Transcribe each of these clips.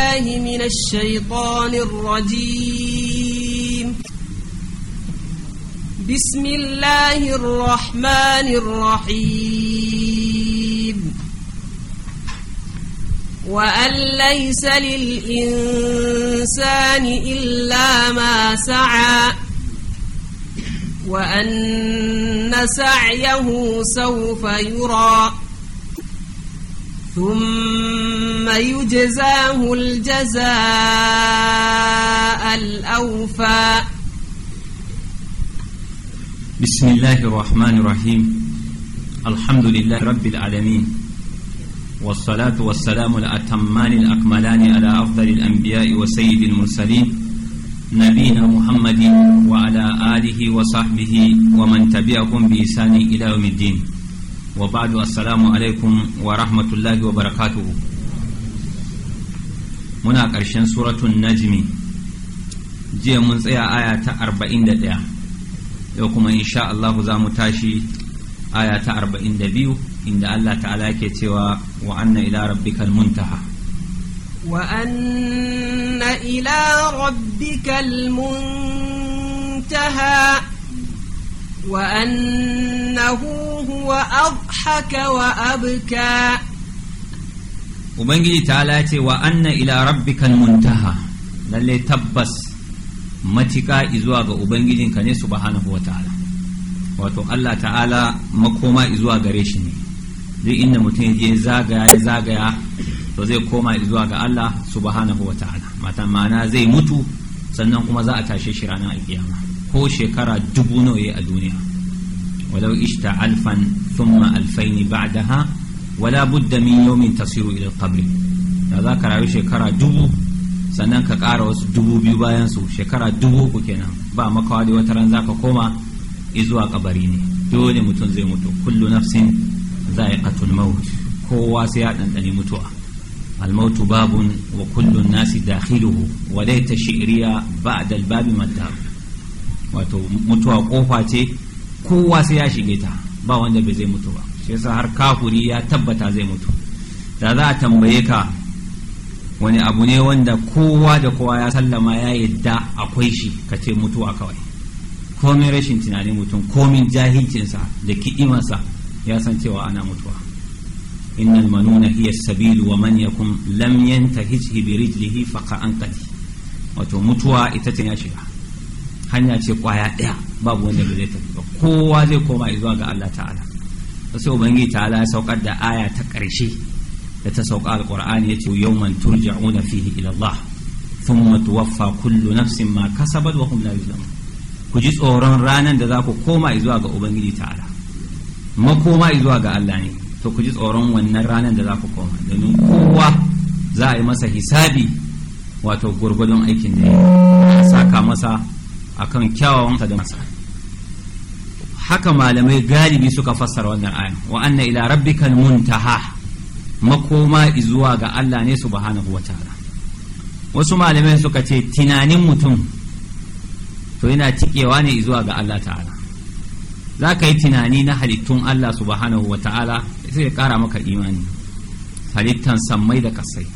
بالله من الشيطان الرجيم بسم الله الرحمن الرحيم وأن ليس للإنسان إلا ما سعى وأن سعيه سوف يُرَى ثم يجزاه الجزاء الأوفى بسم الله الرحمن الرحيم الحمد لله رب العالمين والصلاة والسلام الأتمان الأكملان على أفضل الأنبياء وسيد المرسلين نبينا محمد وعلى آله وصحبه ومن تبعهم بإحسان إلى يوم الدين wa ba'du alaikum wa rahmatullahi wa barakatuhu muna ƙarshen suratun najmi jiya mun tsaya aya ta ɗaya, yau kuma insha Allah za mu tashi aya ta 42 inda Allah ta'ala ke cewa wa anna ila rabbikal muntaha wa ila rabbikal muntaha وأنه هو أضحك وأبكى Ubangiji ta lace wa anna ila rabbikal muntaha lalle tabbas matika izuwa ga Ubangijinka ne wato Allah ta'ala makoma izuwa gare shi ne duk inda mutum ya zagaya ya zagaya to zai koma izuwa ga Allah subhanahu ta'ala mata ma'ana zai mutu sannan kuma za a tashe shi ranar alkiyama ko shekara dubu nawa a duniya walau ishta alfan thumma da ba'daha wala budda min yawmin tasiru ila qabri da za ka rayu shekara dubu sannan ka ƙara wasu dubu biyu bayan su shekara dubu ku kenan ba makawa da wata ran za ka koma izuwa kabari ne dole mutum zai mutu kullu nafsin za'iqatul maut kowa sai ya ɗanɗani mutuwa الموت باب وكل الناس داخله وليت شعري بعد الباب مدار wato mutuwa kofa ce kowa sai ya shige ta ba wanda bai zai mutu ba shi yasa har kafuri ya tabbata zai mutu da za a tambaye ka wani abu ne wanda kowa da kowa ya sallama ya yadda akwai shi ka ce mutuwa kawai komin rashin tunanin mutum komin jahilcinsa da ki'imarsa ya san cewa ana mutuwa innal manuna hiya sabilu wa man yakum lam yantahij bi rijlihi faqa anqadi wato mutuwa ita ce ya shiga hanya ce kwaya ɗaya babu wanda ba zai ba kowa zai koma zuwa ga Allah ta'ala sai ubangi ta'ala ya saukar da aya ta ƙarshe da ta sauka alqur'ani yace yawman turja'una fihi ila Allah thumma tuwaffa kullu nafsin ma kasabat wa hum la yuzlamun ku ji tsoron ranan da za ku koma zuwa ga ubangiji ta'ala makoma zuwa ga Allah ne to ku ji tsoron wannan ranan da za ku koma domin kowa za a yi masa hisabi wato gurgudun aikin da ya saka masa akan kyawawan da masa haka malamai galibi suka fassara wannan aya wa anna ila rabbikal muntaha makoma izuwa ga Allah ne subhanahu wataala wasu malamai suka ce tunanin mutum to yana cikewa ne izuwa ga Allah ta'ala za ka yi tunani na halittun Allah subhanahu wataala sai ya kara maka imani halittan sammai da kasai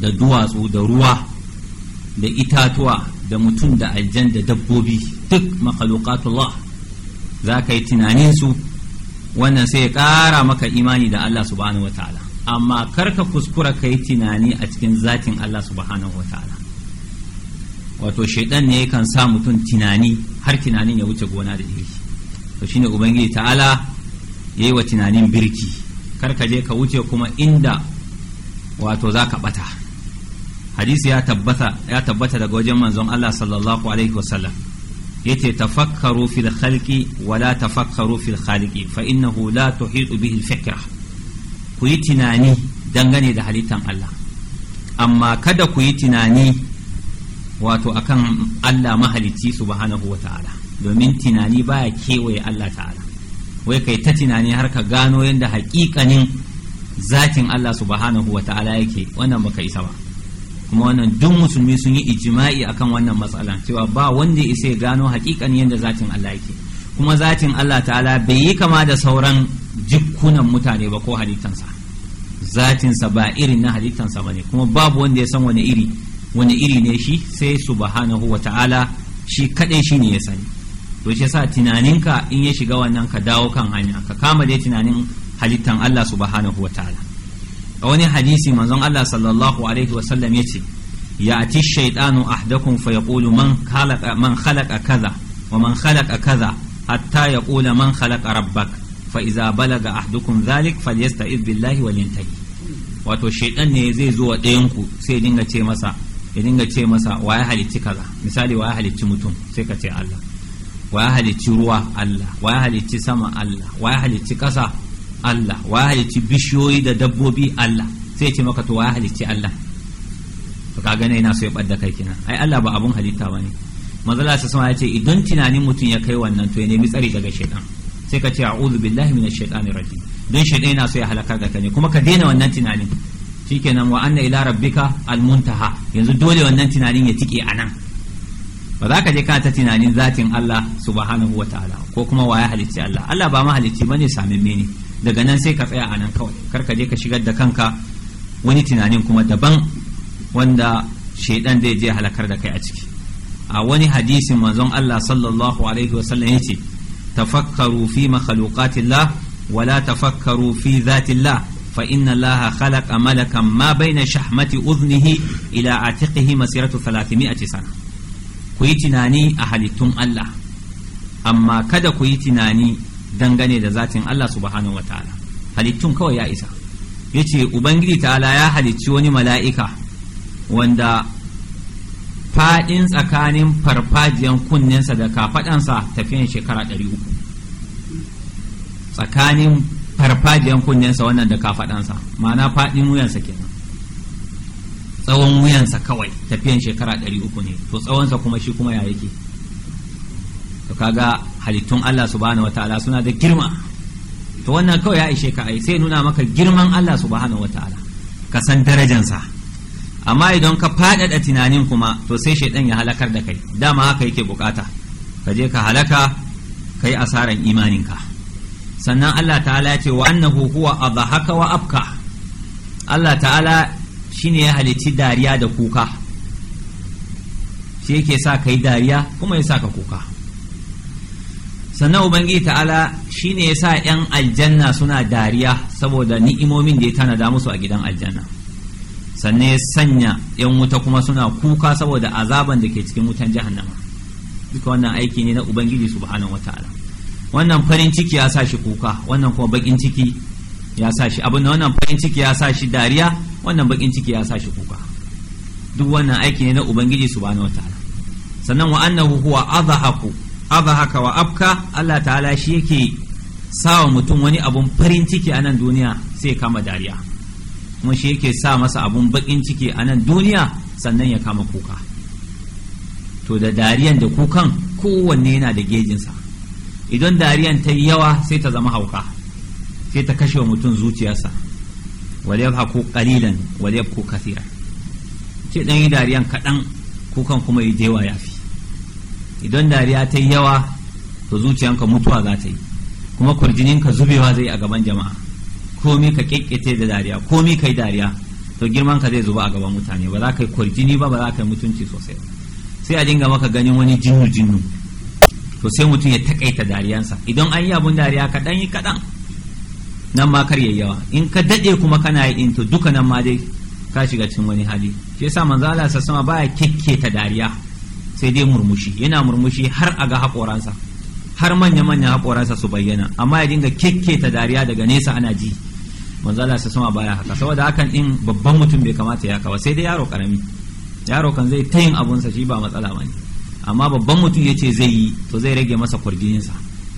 da duwatsu da ruwa da itatuwa da mutum da aljan da dabbobi duk makhluqatullah za ka yi tunanin su wannan sai ya ƙara maka imani da Allah subhanahu ta'ala amma karka kuskura ka yi tunani a cikin zakin Allah subhanahu ta'ala wato shaidan ne kan sa mutum tunani har tunanin ya wuce gona da iri to shine ubangiji ta'ala ya yi wa tunanin birki karka je ka wuce kuma inda wato za ka bata hadisi ya tabbata ya tabbata daga wajen manzon Allah sallallahu alaihi wasallam yace tafakkaru fil khalqi wa la tafakkaru fil khaliqi fa innahu la tuhitu bihi al fikra ku yi tunani dangane da halittan Allah amma kada ku yi tunani wato akan Allah mahalicci subhanahu ta'ala domin tunani baya kewaye Allah ta'ala wai kai ta tunani har ka gano yadda haƙiƙanin zatin Allah subhanahu ta'ala yake wannan baka isa ba kuma wannan duk musulmi sun yi ijima'i akan wannan matsala cewa ba wanda ya isa gano hakikan yadda zatin Allah yake kuma zatin Allah ta'ala bai yi kama da sauran jikunan mutane ba ko halittansa zatinsa ba irin na halittansa ba ne kuma babu wanda ya san wani iri wani iri ne shi sai subhanahu wa ta'ala shi kaɗai shi ne ya sani to shi yasa tunaninka in ya shiga wannan ka dawo kan hanya ka kama dai tunanin halittan Allah subhanahu wa ta'ala a wani hadisi manzon Allah sallallahu alaihi wasallam ya ce ya ati shaitanu ahdakum fa yaqulu man khalaqa man khalaqa kaza wa man khalaqa kaza hatta yaqula man khalaqa rabbak fa iza balaga ahdukum dhalik falyasta'iz billahi wal yantahi wato shaitan ne zai zo wa ɗayan ku sai dinga ce masa ya dinga ce masa wa ya halicci kaza misali wa ya halicci mutum sai ka ce Allah wa ya halicci ruwa Allah wa ya halicci sama Allah wa ya halicci kasa Allah wa halicci bishiyoyi da dabbobi Allah sai ce maka to wa halicci Allah to ka gane ina so ya ɓadda kai kenan ai Allah ba abun halitta ba ne manzala sama ya ce idan tunanin mutum ya kai wannan to ya nemi tsari daga shaitan sai ka ce a'udhu billahi minash shaitani rajim don shaitan yana so ya halaka kai ne kuma ka daina wannan tunanin shikenan wa anna ila rabbika almuntaha yanzu dole wannan tunanin ya tike anan ba za ka je ka ta tunanin zatin Allah subhanahu wataala ta'ala ko kuma wa ya halicci Allah Allah ba ma halicci bane samimme ne daga nan sai ka tsaya a nan kawai kar je ka shigar da kanka wani tunanin kuma daban wanda shaidan zai je halakar da kai a ciki a wani hadisin manzon Allah sallallahu alaihi wasallam yace tafakkaru fi makhluqatillah wala tafakkaru fi dhatillah fa inna Allah khalaqa malakan ma baina shahmati udhnihi ila atiqihi masiratu 300 sana ku yi tunani a halittun Allah amma kada ku yi tunani dangane da zatin Allah subhanahu wa ta'ala halittun kawai ya isa yace ubangiji ta'ala ya halicci wani mala'ika wanda fadin tsakanin farfajiyan sa da kafaɗansa tafiyan shekara 300 tsakanin farfajiyan sa wannan da sa ma'ana fadin wuyansa kenan tsawon wuyansa kawai tafiyan shekara 300 ne to tsawonsa kuma shi kuma ya yake to kaga halittun Allah subhanahu wataala suna da girma to wannan kawai ya ishe ka ai sai nuna maka girman Allah subhanahu wataala ka san darajansa amma idan ka faɗaɗa tunanin kuma to sai shaidan ya halakar da kai dama haka yake bukata ka je ka halaka kai asaran imaninka sannan Allah ta'ala ya ce wa annahu huwa adhaka wa abka Allah ta'ala shine ya halicci dariya da kuka shi yake sa kai dariya kuma ya sa ka kuka sannan ubangiji ta'ala shine ya sa 'yan aljanna suna dariya saboda ni'imomin da ya tanada musu a gidan aljanna sannan ya sanya 'yan wuta kuma suna kuka saboda azaban da ke cikin wutan jahannama duka wannan aiki ne na ubangiji su wa ta'ala wannan farin ciki ya sa shi kuka wannan kuma bakin ciki ya sa shi abin da wannan farin ciki ya sa shi dariya wannan bakin ciki ya sa shi kuka duk wannan aiki ne na ubangiji subhanahu ta'ala sannan wa annahu huwa adhaku aba haka wa afka Allah ta'ala shi yake wa mutum wani abun farin ciki a nan duniya sai kama dariya kuma shi yake sa masa abun bakin ciki a nan duniya sannan ya kama kuka to da dariyan da kukan kowanne yana da gejinsa idan dariyan ta yi yawa sai ta zama hauka sai ta kashe wa mutum zuciyarsa wal yadhaku qalilan wal yabku kathira ce dan yi dariyan kaɗan kukan kuma yi jewa fi. idan dariya ta yi yawa to zuciyanka mutuwa za ta yi kuma kurjininka zubewa zai a gaban jama'a komi ka kekkete da dariya komi ka yi dariya to girman ka zai zuba a gaban mutane ba za ka yi kurjini ba ba za ka yi mutunci sosai sai a dinga maka ganin wani jinnu jinnu to sai mutum ya takaita dariyansa idan an yi abun dariya kaɗan yi kaɗan nan ma kar yawa in ka daɗe kuma kana yi in to duka nan ma dai ka shiga cikin wani hali shi yasa manzo Allah sassama baya ta dariya sai dai murmushi yana murmushi har a ga haƙoransa har manya manya haƙoransa su bayyana amma ya dinga kekketa dariya daga nesa ana ji manzo Allah sama baya haka saboda hakan in babban mutum bai kamata ya kawa sai dai yaro karami yaro kan zai ta yin abunsa shi ba matsala ba ne amma babban mutum ya ce zai yi to zai rage masa kurjinsa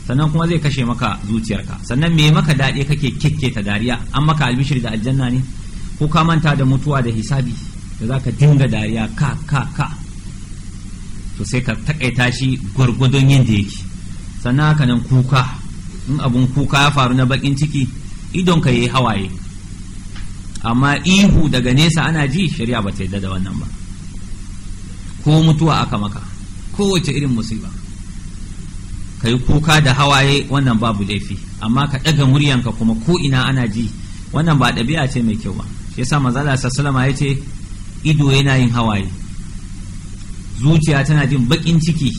sannan kuma zai kashe maka zuciyarka sannan me maka daɗi kake kekketa dariya an maka albishir da aljanna ne ko ka manta da mutuwa da hisabi da za ka dinga dariya ka ka ka to sai ka takaita shi gwargwadon yadda yake sannan haka nan kuka in abun kuka ya faru na bakin ciki idonka yi hawaye amma ihu daga nesa ana ji shari'a ba ta yadda da wannan ba ko mutuwa aka maka kowace irin musiba ka yi kuka da hawaye wannan babu laifi amma ka ɗaga muryanka kuma ko ina ana ji wannan ba ɗabi'a ce mai kyau ba shi yasa manzala sallama ya ce ido yana yin hawaye zuciya tana jin bakin ciki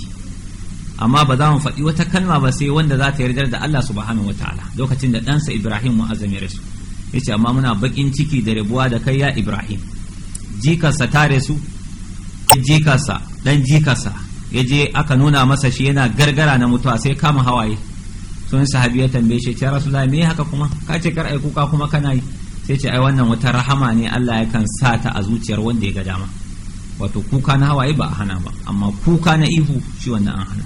amma ba za mu faɗi wata kalma ba sai wanda za ta yarda da Allah subhanahu wataala lokacin da ɗansa Ibrahim mu'azzam ya rasu yace amma muna bakin ciki da rabuwa da kai ya Ibrahim jikarsa ta rasu jikarsa dan jikarsa ya je aka nuna masa shi yana gargara na mutuwa sai kama hawaye sun sahabi ya tambaye shi ya rasulullahi me haka kuma ka ce kar ai kuka kuma kana yi sai ce ai wannan wata rahama ne Allah ya kan sa ta a zuciyar wanda ya ga dama wato kuka na hawaye ba a hana ba amma kuka na ihu shi wannan an hana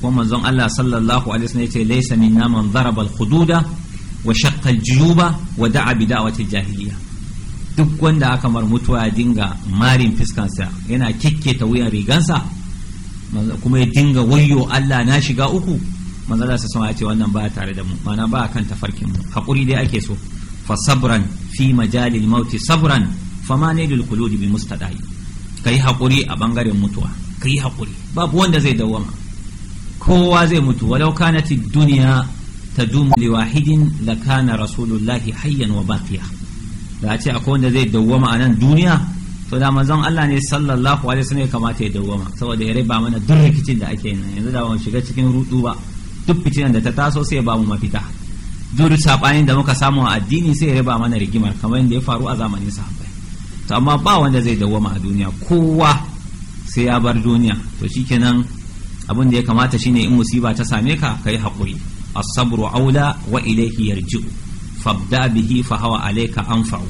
kuma manzon Allah sallallahu alaihi wasallam yace laysa minna man daraba al-hududa wa shaqqa al ba wa da'a bi da'wati jahiliya duk wanda aka mar mutuwa ya dinga marin fiskansa yana kikketa wuyan rigansa kuma ya dinga wayyo Allah na shiga uku manzon Allah sallallahu alaihi wannan ba tare da mu mana ba kan tafarkin mu hakuri dai ake so fa sabran fi majalil mauti sabran fa ma lil qulubi bi mustada'i ka yi haƙuri a ɓangaren mutuwa ka yi haƙuri babu wanda zai dawwama kowa zai mutu walau kanati duniya ta dumu wahidin la kana rasulullahi hayyan wa baqiya da a ce akwai wanda zai dawwama a nan duniya to da manzon Allah ne sallallahu alaihi wasallam ya kamata ya dawwama saboda ya raba mana duk rikicin da ake nan yanzu da ba mu shiga cikin rudu ba duk fitinan da ta taso sai ba mu mafita duk sabanin da muka samu a addini sai ya raba mana rigimar kamar yadda ya faru a zamanin sahabbai to amma ba wanda zai dawwama a duniya kowa sai ya bar duniya to shikenan abin da ya kamata shine in musiba ta same ka kai haƙuri as-sabru aula wa ilayhi yarji'u fabda bihi fa hawa alayka anfa'u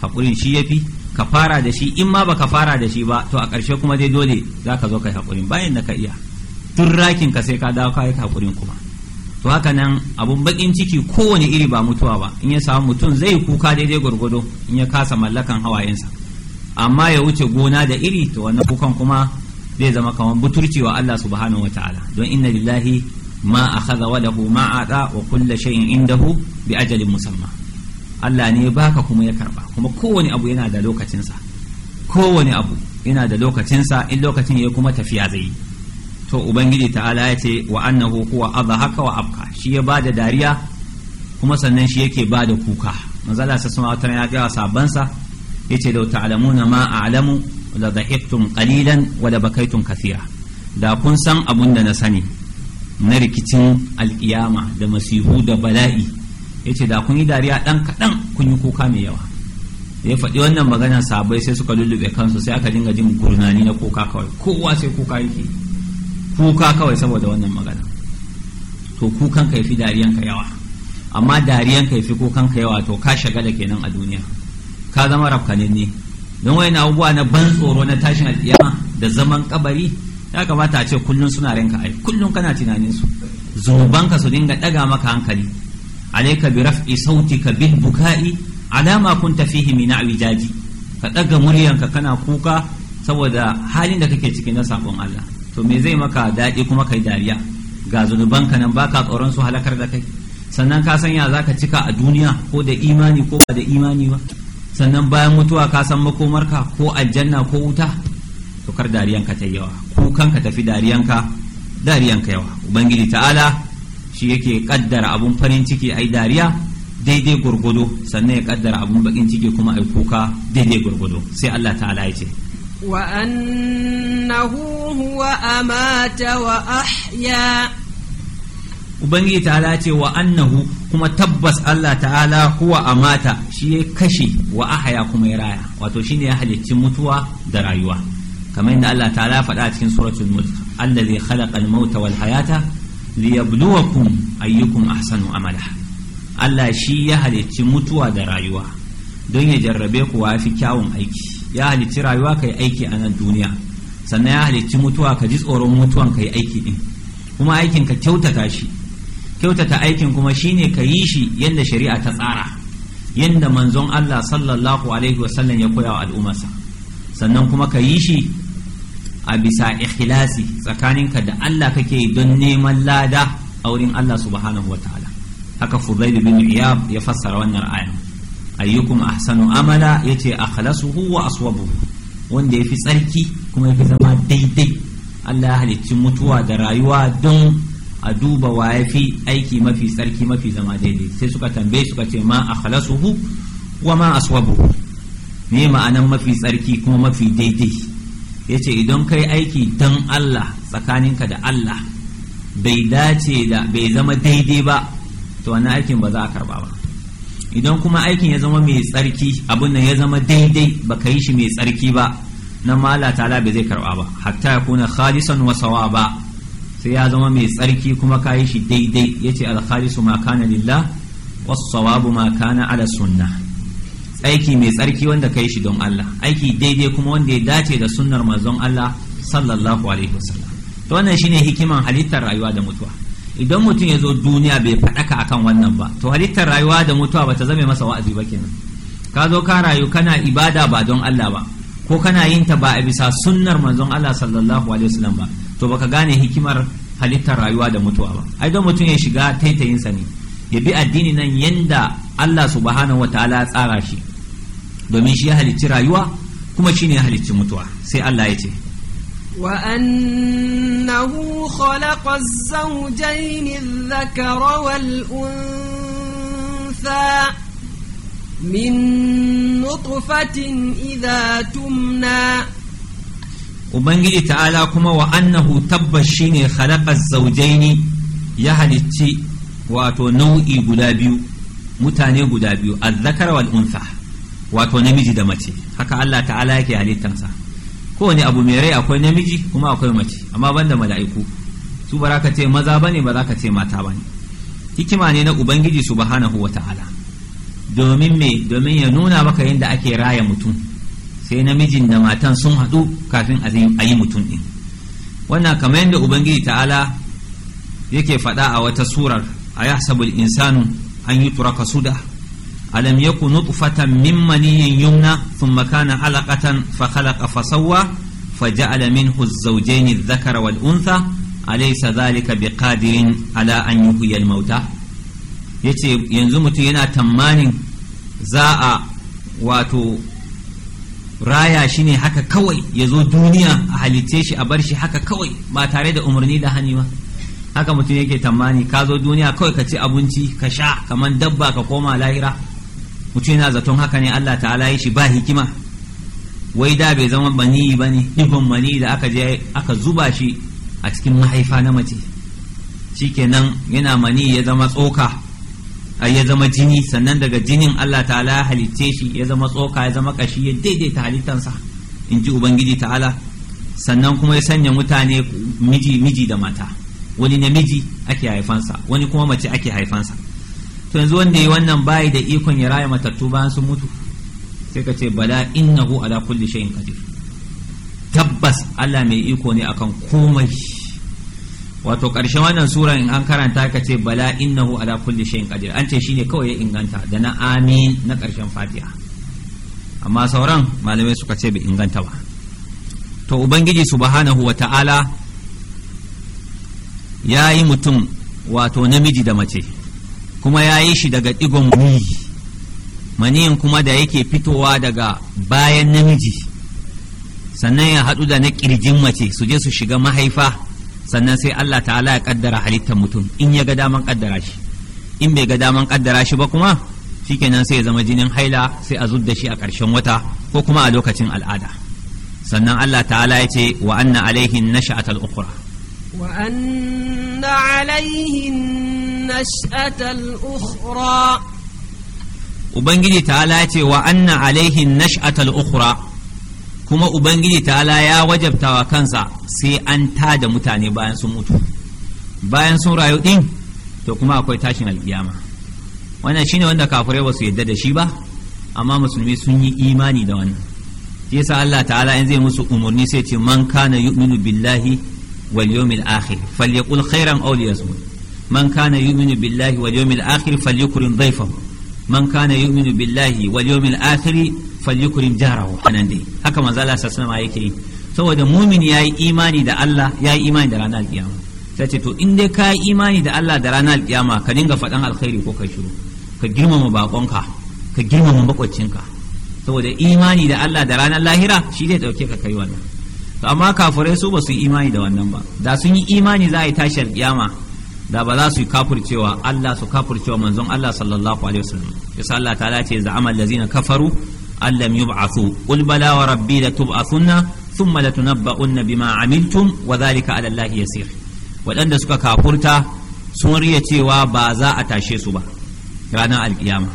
haƙurin shi yafi ka fara da shi in ma baka fara da shi ba to a ƙarshe kuma dai dole zaka zo kai haƙurin bayan da ka iya tun rakin ka sai ka dawo kai haƙurin kuma to haka nan abun bakin ciki kowane iri ba mutuwa ba in ya samu mutum zai kuka daidai gwargwado in ya kasa mallakan hawayensa amma ya wuce gona da iri to wannan kukan kuma zai zama kamar buturci wa Allah subhanahu wataala don inna lillahi ma akhadha wa lahu ma ata wa kullu shay'in indahu bi ajalin musamma Allah ne baka kuma ya karba kuma kowane abu yana da lokacinsa kowane abu yana da lokacinsa in lokacin ya kuma tafiya zai yi to ubangiji ta'ala ya ce wa annahu huwa adhaka wa abka shi ya bada dariya kuma sannan shi yake bada kuka manzala sa sama wata ya ga sabban sa yace da ta'lamuna ma a'lamu la dhahiktum qalilan wa la bakaytum kathira da kun san abun da na sani na rikicin alkiyama da masihu da bala'i yace da kun yi dariya dan kadan kun yi kuka mai yawa da ya faɗi wannan magana sabai sai suka lullube kansu sai aka dinga jin gurnani na kuka kawai kowa sai kuka yake kuka kawai saboda wannan magana to kukan ka yafi dariyan ka yawa amma dariyan ka yafi kukan ka yawa to ka shagala kenan a duniya ka zama rafkanin ne don wani abubuwa na ban tsoro na tashin alƙiyama da zaman kabari ya kamata a ce kullum suna ranka ai kullum kana tunanin su ka su dinga daga maka hankali alayka bi raf'i sautika bil buka'i ala ma kunta fihi min awijaji ka daga muryanka kana kuka saboda halin da kake ciki na sakon Allah to me zai maka daɗi kuma kai dariya ga zunubanka nan baka tsoron su halakar da kai sannan ka san ya zaka cika a duniya ko da imani ko ba da imani ba sannan bayan mutuwa ka san makomarka ko aljanna ko wuta to kar dariyanka ta yawa kanka tafi dariyanka dariyanka yawa ubangiji ta'ala shi yake kaddara abun farin ciki ai dariya daidai gurgudo sannan ya kaddara abun bakin ciki kuma ai kuka daidai gurgudo sai Allah ta'ala ya ce وأنه هو أمات وأحيا Ubangiji ta'ala ce wa annahu kuma tabbas Allah ta'ala huwa mata shi ya kashe wa ahaya kuma ya raya wato shine ya halicci mutuwa da rayuwa kamar yadda Allah ta'ala faɗa a cikin suratul mulk zai khalaqa al-mauta wal hayata liyabluwakum ayyukum ahsanu amala Allah shi ya halicci mutuwa da rayuwa don ya jarrabe ku wa fi kyawun aiki ya halicci rayuwa ka yi aiki a nan duniya sannan ya halicci mutuwa ka ji tsoron mutuwan ka yi aiki din kuma aikin ka kyautata shi kyautata aikin kuma shine ka yi shi yadda shari'a ta tsara yadda manzon Allah sallallahu alaihi wasallam ya koya wa al'ummarsa sannan kuma ka yi shi a bisa ikhlasi tsakaninka da Allah kake don neman lada a wurin Allah subhanahu wa ta'ala haka Fudail bin Iyab ya fassara wannan ayan ayyukum ahsanu amala yace akhlasuhu wa aswabuhu wanda yafi tsarki kuma yafi zama daidai Allah ya halicci mutuwa da rayuwa don a duba wa yafi aiki mafi tsarki mafi zama daidai sai suka tambaye suka ce ma akhlasuhu wa ma aswabuhu me ma'anan mafi tsarki kuma mafi daidai yace idan kai aiki don Allah tsakaninka da Allah bai dace da bai zama daidai ba to wannan aikin ba za a karba ba idan kuma aikin ya zama mai tsarki abin nan ya zama daidai ba ka yi shi mai tsarki ba na ma Allah bai zai karba ba hatta ya kuna khalisan wa sawaba sai ya zama mai tsarki kuma ka yi shi daidai yace al khalisu ma kana lillah wa sawabu ma kana ala sunnah aiki mai tsarki wanda ka yi shi don Allah aiki daidai kuma wanda ya dace da sunnar manzon Allah sallallahu alaihi wasallam to wannan shine hikiman halittar rayuwa da mutuwa idan mutum ya zo duniya bai faɗaka akan wannan ba to halittar rayuwa da mutuwa bata zame masa wa'azi ba kenan ka zo ka rayu kana ibada ba don Allah ba ko kana yin ta ba a bisa sunnar manzon Allah sallallahu alaihi wasallam ba to baka gane hikimar halittar rayuwa da mutuwa ba ai don mutum ya shiga taitayin sa ne ya bi addini nan yanda Allah subhanahu wataala tsara shi domin shi ya halicci rayuwa kuma shine ya halicci mutuwa sai Allah ya ce وأنه خلق الزوجين الذكر والأنثى من نطفة إذا تمنى Ubangiji ta'ala kuma wa annahu tabbas shine khalaqaz zaujaini ya halicci wato nau'i guda biyu mutane guda biyu a wal unsa wato namiji da mace haka Allah ta'ala yake halittansa kowane abu mai rai akwai namiji kuma akwai mace amma banda mala'iku su ba ka ce maza ba ne ba za ka ce mata ba ne hikima ne na ubangiji su subhanahu wa ta'ala domin me domin ya nuna maka yadda ake raya mutum sai namijin da matan sun haɗu kafin a yi mutum ɗin wannan kamar yadda ubangiji ta'ala yake faɗa a wata surar a yahsabul insanu an yi turaka da. alam yaku nutfatan min maniyyin yumna thumma kana alaqatan fa khalaqa fa sawwa fa ja'ala minhu az-zawjayn adh-dhakara wal untha alaysa dhalika biqadirin ala an al mauta yace yanzu mutum yana tamanin za a wato raya shi ne haka kawai ya zo duniya a halitce shi a bar shi haka kawai ba tare da umarni da hani ba haka mutum yake tamani ka zo duniya kawai ka ci abinci ka sha kamar dabba ka koma lahira mutum yana zaton haka ne Allah ta'ala yi shi ba hikima wai da bai zama bani ba ne ihun mani da aka je aka zuba shi a cikin mahaifa na mace shikenan yana mani ya zama tsoka a ya zama jini sannan daga jinin Allah ta'ala ya halicce shi ya zama tsoka ya zama kashi ya daidaita halittansa in ji ubangiji ta'ala sannan kuma ya sanya mutane miji miji da mata wani namiji ake haifansa wani kuma mace ake haifansa to yanzu wanda yi wannan bayi da ikon ya raya matattu bayan sun mutu sai ka ce bala innahu ala kulli shay'in qadir tabbas Allah mai iko ne akan komai wato karshen wannan sura in an karanta ka ce bala innahu ala kulli shay'in qadir an ce shine kawai ya inganta da na amin na karshen fatiha amma sauran malamai suka ce bai inganta ba to ubangiji subhanahu wata'ala ya yi mutum wato namiji da mace kuma ya yi shi daga ɗigon maniyi maniyin kuma da yake fitowa daga bayan namiji sannan ya haɗu da na ƙirjin mace su je su shiga mahaifa sannan sai Allah ta'ala ya ƙaddara halittar mutum in ya ga daman ƙaddara shi in bai ga daman ƙaddara shi ba kuma shikenan sai ya zama jinin haila sai a zub da shi a ƙarshen wata ko kuma a lokacin al'ada sannan Allah ta'ala ya ce wa anna alaihin nasha'atal ukhra wa anna alaihin النشأة Ubangiji ta'ala ce wa anna alaihin nash'atal ukhra kuma Ubangiji ta'ala ya wajabta wa kansa sai an tada mutane bayan sun mutu bayan sun rayu din to kuma akwai tashin alkiyama wannan shine wanda kafirai ba su yadda da shi ba amma musulmi sun yi imani da wannan shi yasa Allah ta'ala in zai musu umarni sai ce man kana yu'minu billahi wal yawmil akhir falyaqul khairan aw liyasmut man kana yu'minu billahi wal yawmil akhir falyukrim dhayfahu man kana yu'minu billahi wal yawmil akhir falyukrim jarahu haka manzo Allah sallallahu alaihi yake yi saboda mumin yayi imani da Allah yayi imani da ranar kiyama sai ce to in dai ka yi imani da Allah da ranar kiyama ka dinga faɗan alkhairi ko ka shiru ka girmama bakonka ka girmama makwacinka saboda imani da Allah da ranar lahira shi zai dauke ka kai wannan amma kafirai su ba su yi imani da wannan ba da sun yi imani za a yi tashar kiyama da ba za su kafircewa Allah su kafircewa manzon Allah sallallahu alaihi wasallam yasa Allah ta'ala ce za'ama allazina kafaru allam yub'athu qul bala wa rabbi la tub'athunna thumma latunabba'unna bima amiltum wa dhalika 'ala Allah yasir wadanda suka kafurta sun riya cewa ba za a tashe su ba ranar alkiyama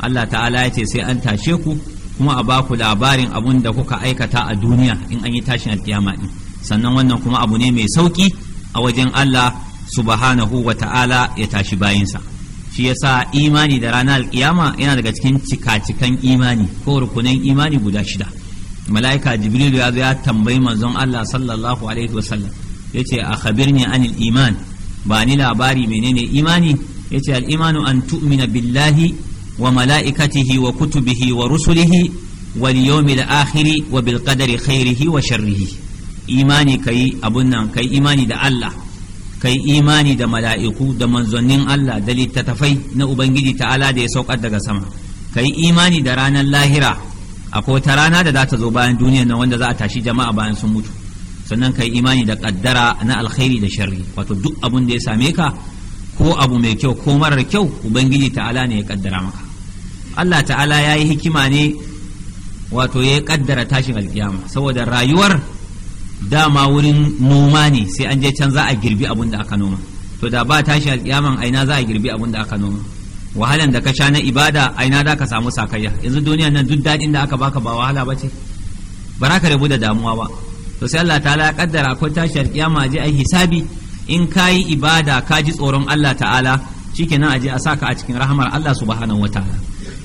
Allah ta'ala ya ce sai an tashe ku kuma a ba ku labarin abun da kuka aikata a duniya in an yi tashin alkiyama din sannan wannan kuma abu ne mai sauki a wajen Allah subhanahu wa ta'ala ya tashi bayansa shi yasa imani da ranar alkiyama yana daga cikin cika-cikan imani ko rukunin imani guda shida mala'ika jibril ya zo ya tambayi manzon Allah sallallahu alaihi wasallam yace a ne anil iman ba ni labari menene imani yace al imanu an tu'mina billahi wa mala'ikatihi wa kutubihi wa rusulihi wal da akhiri wa bilkadari khairihi wa sharrihi imani kai abun nan kai imani da Allah ka yi imani da mala'iku da manzonin Allah da littattafai na Ubangiji ta'ala da ya saukar daga sama ka yi imani da ranar lahira akwai wata rana da za ta zo bayan duniya na wanda za a tashi jama'a bayan sun mutu sannan ka yi imani da kaddara na alkhairi da sharri wato duk abun da ya same ka ko abu mai kyau ko marar kyau ubangiji ta'ala ne ya kaddara maka Allah ta'ala ya yi hikima ne wato ya ƙaddara tashin alkiyama saboda rayuwar dama wurin noma ne sai an je can za a girbi abin da aka noma to da ba tashi alƙiyaman aina za a girbi abin da aka noma wahalan da ka sha na ibada aina za ka samu sakayya yanzu duniya nan duk daɗin da aka baka ba wahala ba ce ba za ka rabu da damuwa ba to sai Allah ta'ala ya kaddara akwai tashi alƙiyama a je a yi hisabi in ka yi ibada ka ji tsoron Allah ta'ala shikenan a je a saka a cikin rahamar Allah subhanahu wataala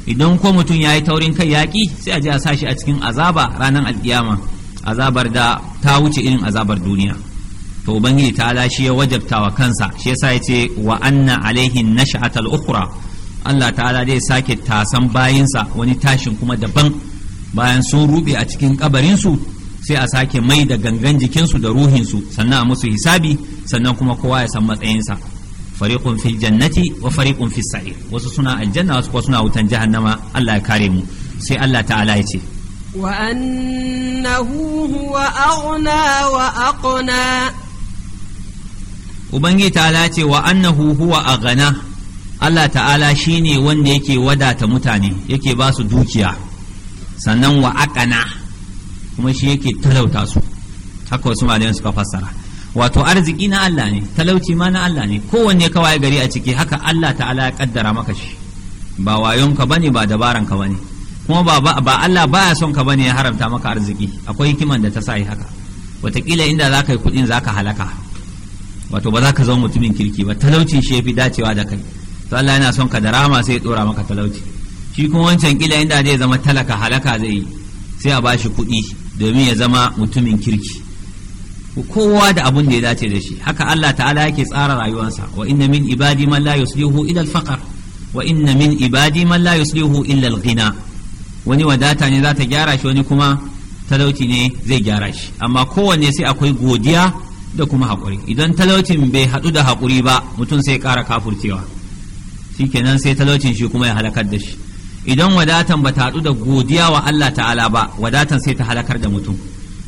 idan ko mutum ya yi taurin kai yaƙi sai a je a sa shi a cikin azaba ranar alƙiyama azabar da ta wuce irin azabar duniya to ubangiji ta shi ya wajabta wa kansa shi yasa ce wa anna na nash'atal ukhra Allah ta'ala zai sake tasan bayinsa wani tashin kuma daban bayan sun rube a cikin kabarin su sai a sake mai da gangan jikinsu da ruhinsu sannan a musu hisabi sannan kuma kowa ya san matsayinsa fariqun fil jannati wa fariqun fis sa'ir wasu suna aljanna wasu kuma suna wutan jahannama Allah ya kare mu sai Allah ta'ala ya ce وأنه هو أغنى وأقنى Ubangi ta'ala ce wa annahu huwa a gana Allah ta'ala shi ne wanda yake wadata mutane yake ba su dukiya sannan wa aƙana kuma shi yake talauta su haka wasu malayan suka fassara wato arziki na Allah ne talauci ma na Allah ne kowanne kawai gari a ciki haka Allah ta'ala ya kaddara maka shi ba wayonka bane ba dabaranka bane kuma ba ba Allah baya son ka bane ya haramta maka arziki akwai hikiman da ta sa haka wataƙila inda za ka yi kuɗin za ka halaka wato ba za ka zama mutumin kirki ba talauci shi ya fi dacewa da kai to Allah yana son ka da rama sai ya ɗora maka talauci shi kuma wancan ƙila inda zai zama talaka halaka zai yi sai a bashi kuɗi domin ya zama mutumin kirki kowa da abun da ya dace da shi haka Allah ta'ala yake tsara rayuwarsa wa inna min ibadi man la yuslihu ila al-faqr wa inna min ibadi man la yuslihu illa al-ghina wani wadata ne za ta gyara shi wani kuma talauci ne zai gyara shi amma kowanne sai akwai godiya da kuma haƙuri idan talaucin bai haɗu da haƙuri ba mutum sai ƙara kafurcewa shikenan sai talaucin shi kuma ya halakar da shi idan wadatan ba ta haɗu da godiya wa Allah ta'ala ba wadatan sai ta halakar da mutum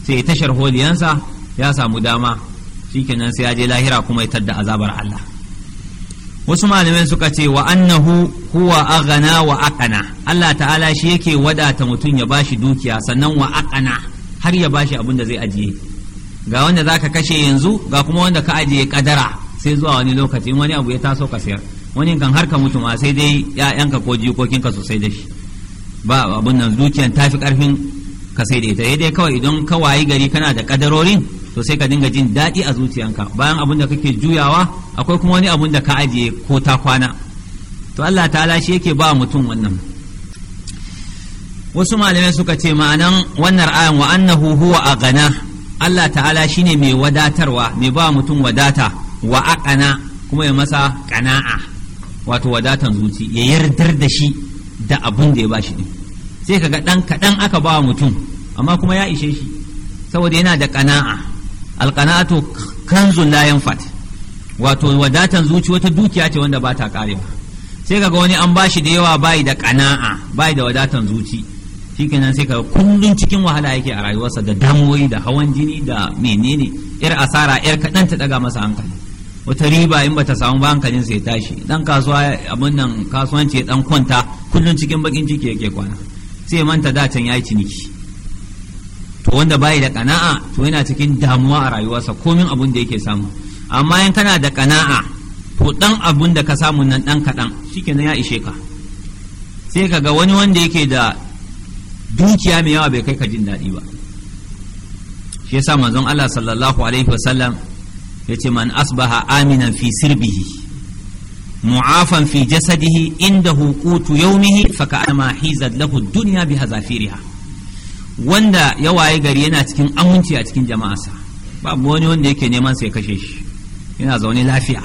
sai tashar holiyansa ya samu dama shikenan sai ya je lahira kuma ya tadda azabar Allah wasu malamai suka ce wa annahu huwa aghana wa aqana Allah ta'ala shi yake wadata mutum ya bashi dukiya sannan wa aqana har ya bashi abin da zai ajiye ga wanda zaka kashe yanzu ga kuma wanda ka ajiye kadara sai zuwa wani lokaci wani abu ya taso ka sayar wani kan har ka mutu ma sai dai 'ya'yanka ko jikokinka sosai da shi ba abin nan dukiyan tafi karfin ka sai da ita dai kawai idan ka wayi gari kana da kadarorin to sai ka dinga jin daɗi a zuciyanka bayan abin da kake juyawa akwai kuma wani abin da ka ajiye ko ta kwana to Allah ta'ala shi yake ba mutum wannan wasu malamai suka ce ma'anan wannan ayan wa annahu huwa agana Allah ta'ala shine mai wadatarwa mai ba mutum wadata wa aqana kuma ya masa qana'a wato wadatan zuci ya yardar da shi da abun da ya ba shi din sai kaga dan kadan aka ba mutum amma kuma ya ishe shi saboda yana da qana'a alqana'atu kanzun la yanfat wato wadatan zuci wata dukiya ce wanda ba ta karewa sai kaga wani an bashi da yawa bai da qana'a bai da wadatan zuci shikenan sai kaga kullun cikin wahala yake a rayuwarsa da damuwoyi da hawan jini da menene yar asara yar kadan ta daga masa hankali wata riba in bata samu ba hankalin sai tashi dan kasuwa abin nan kasuwanci ya dan kwanta kullun cikin bakin ciki yake kwana sai manta da can yayi ciniki to wanda bai da kana'a to yana cikin damuwa a rayuwarsa komin abun da yake samu amma yan kana da kana'a to dan abun da ka samu nan dan kadan shikenan ya ishe ka sai ka ga wani wanda yake da dukiya mai yawa bai kai ka jin daɗi ba shi yasa manzon Allah sallallahu alaihi wasallam yace man asbaha aminan fi sirbihi mu'afan fi jasadihi indahu qutu yawmihi fa ka'ama hizat lahu dunya bi hazafiriha wanda ya waye gari yana cikin aminci a cikin jama'arsa babu wani wanda yake neman sai kashe shi yana zaune lafiya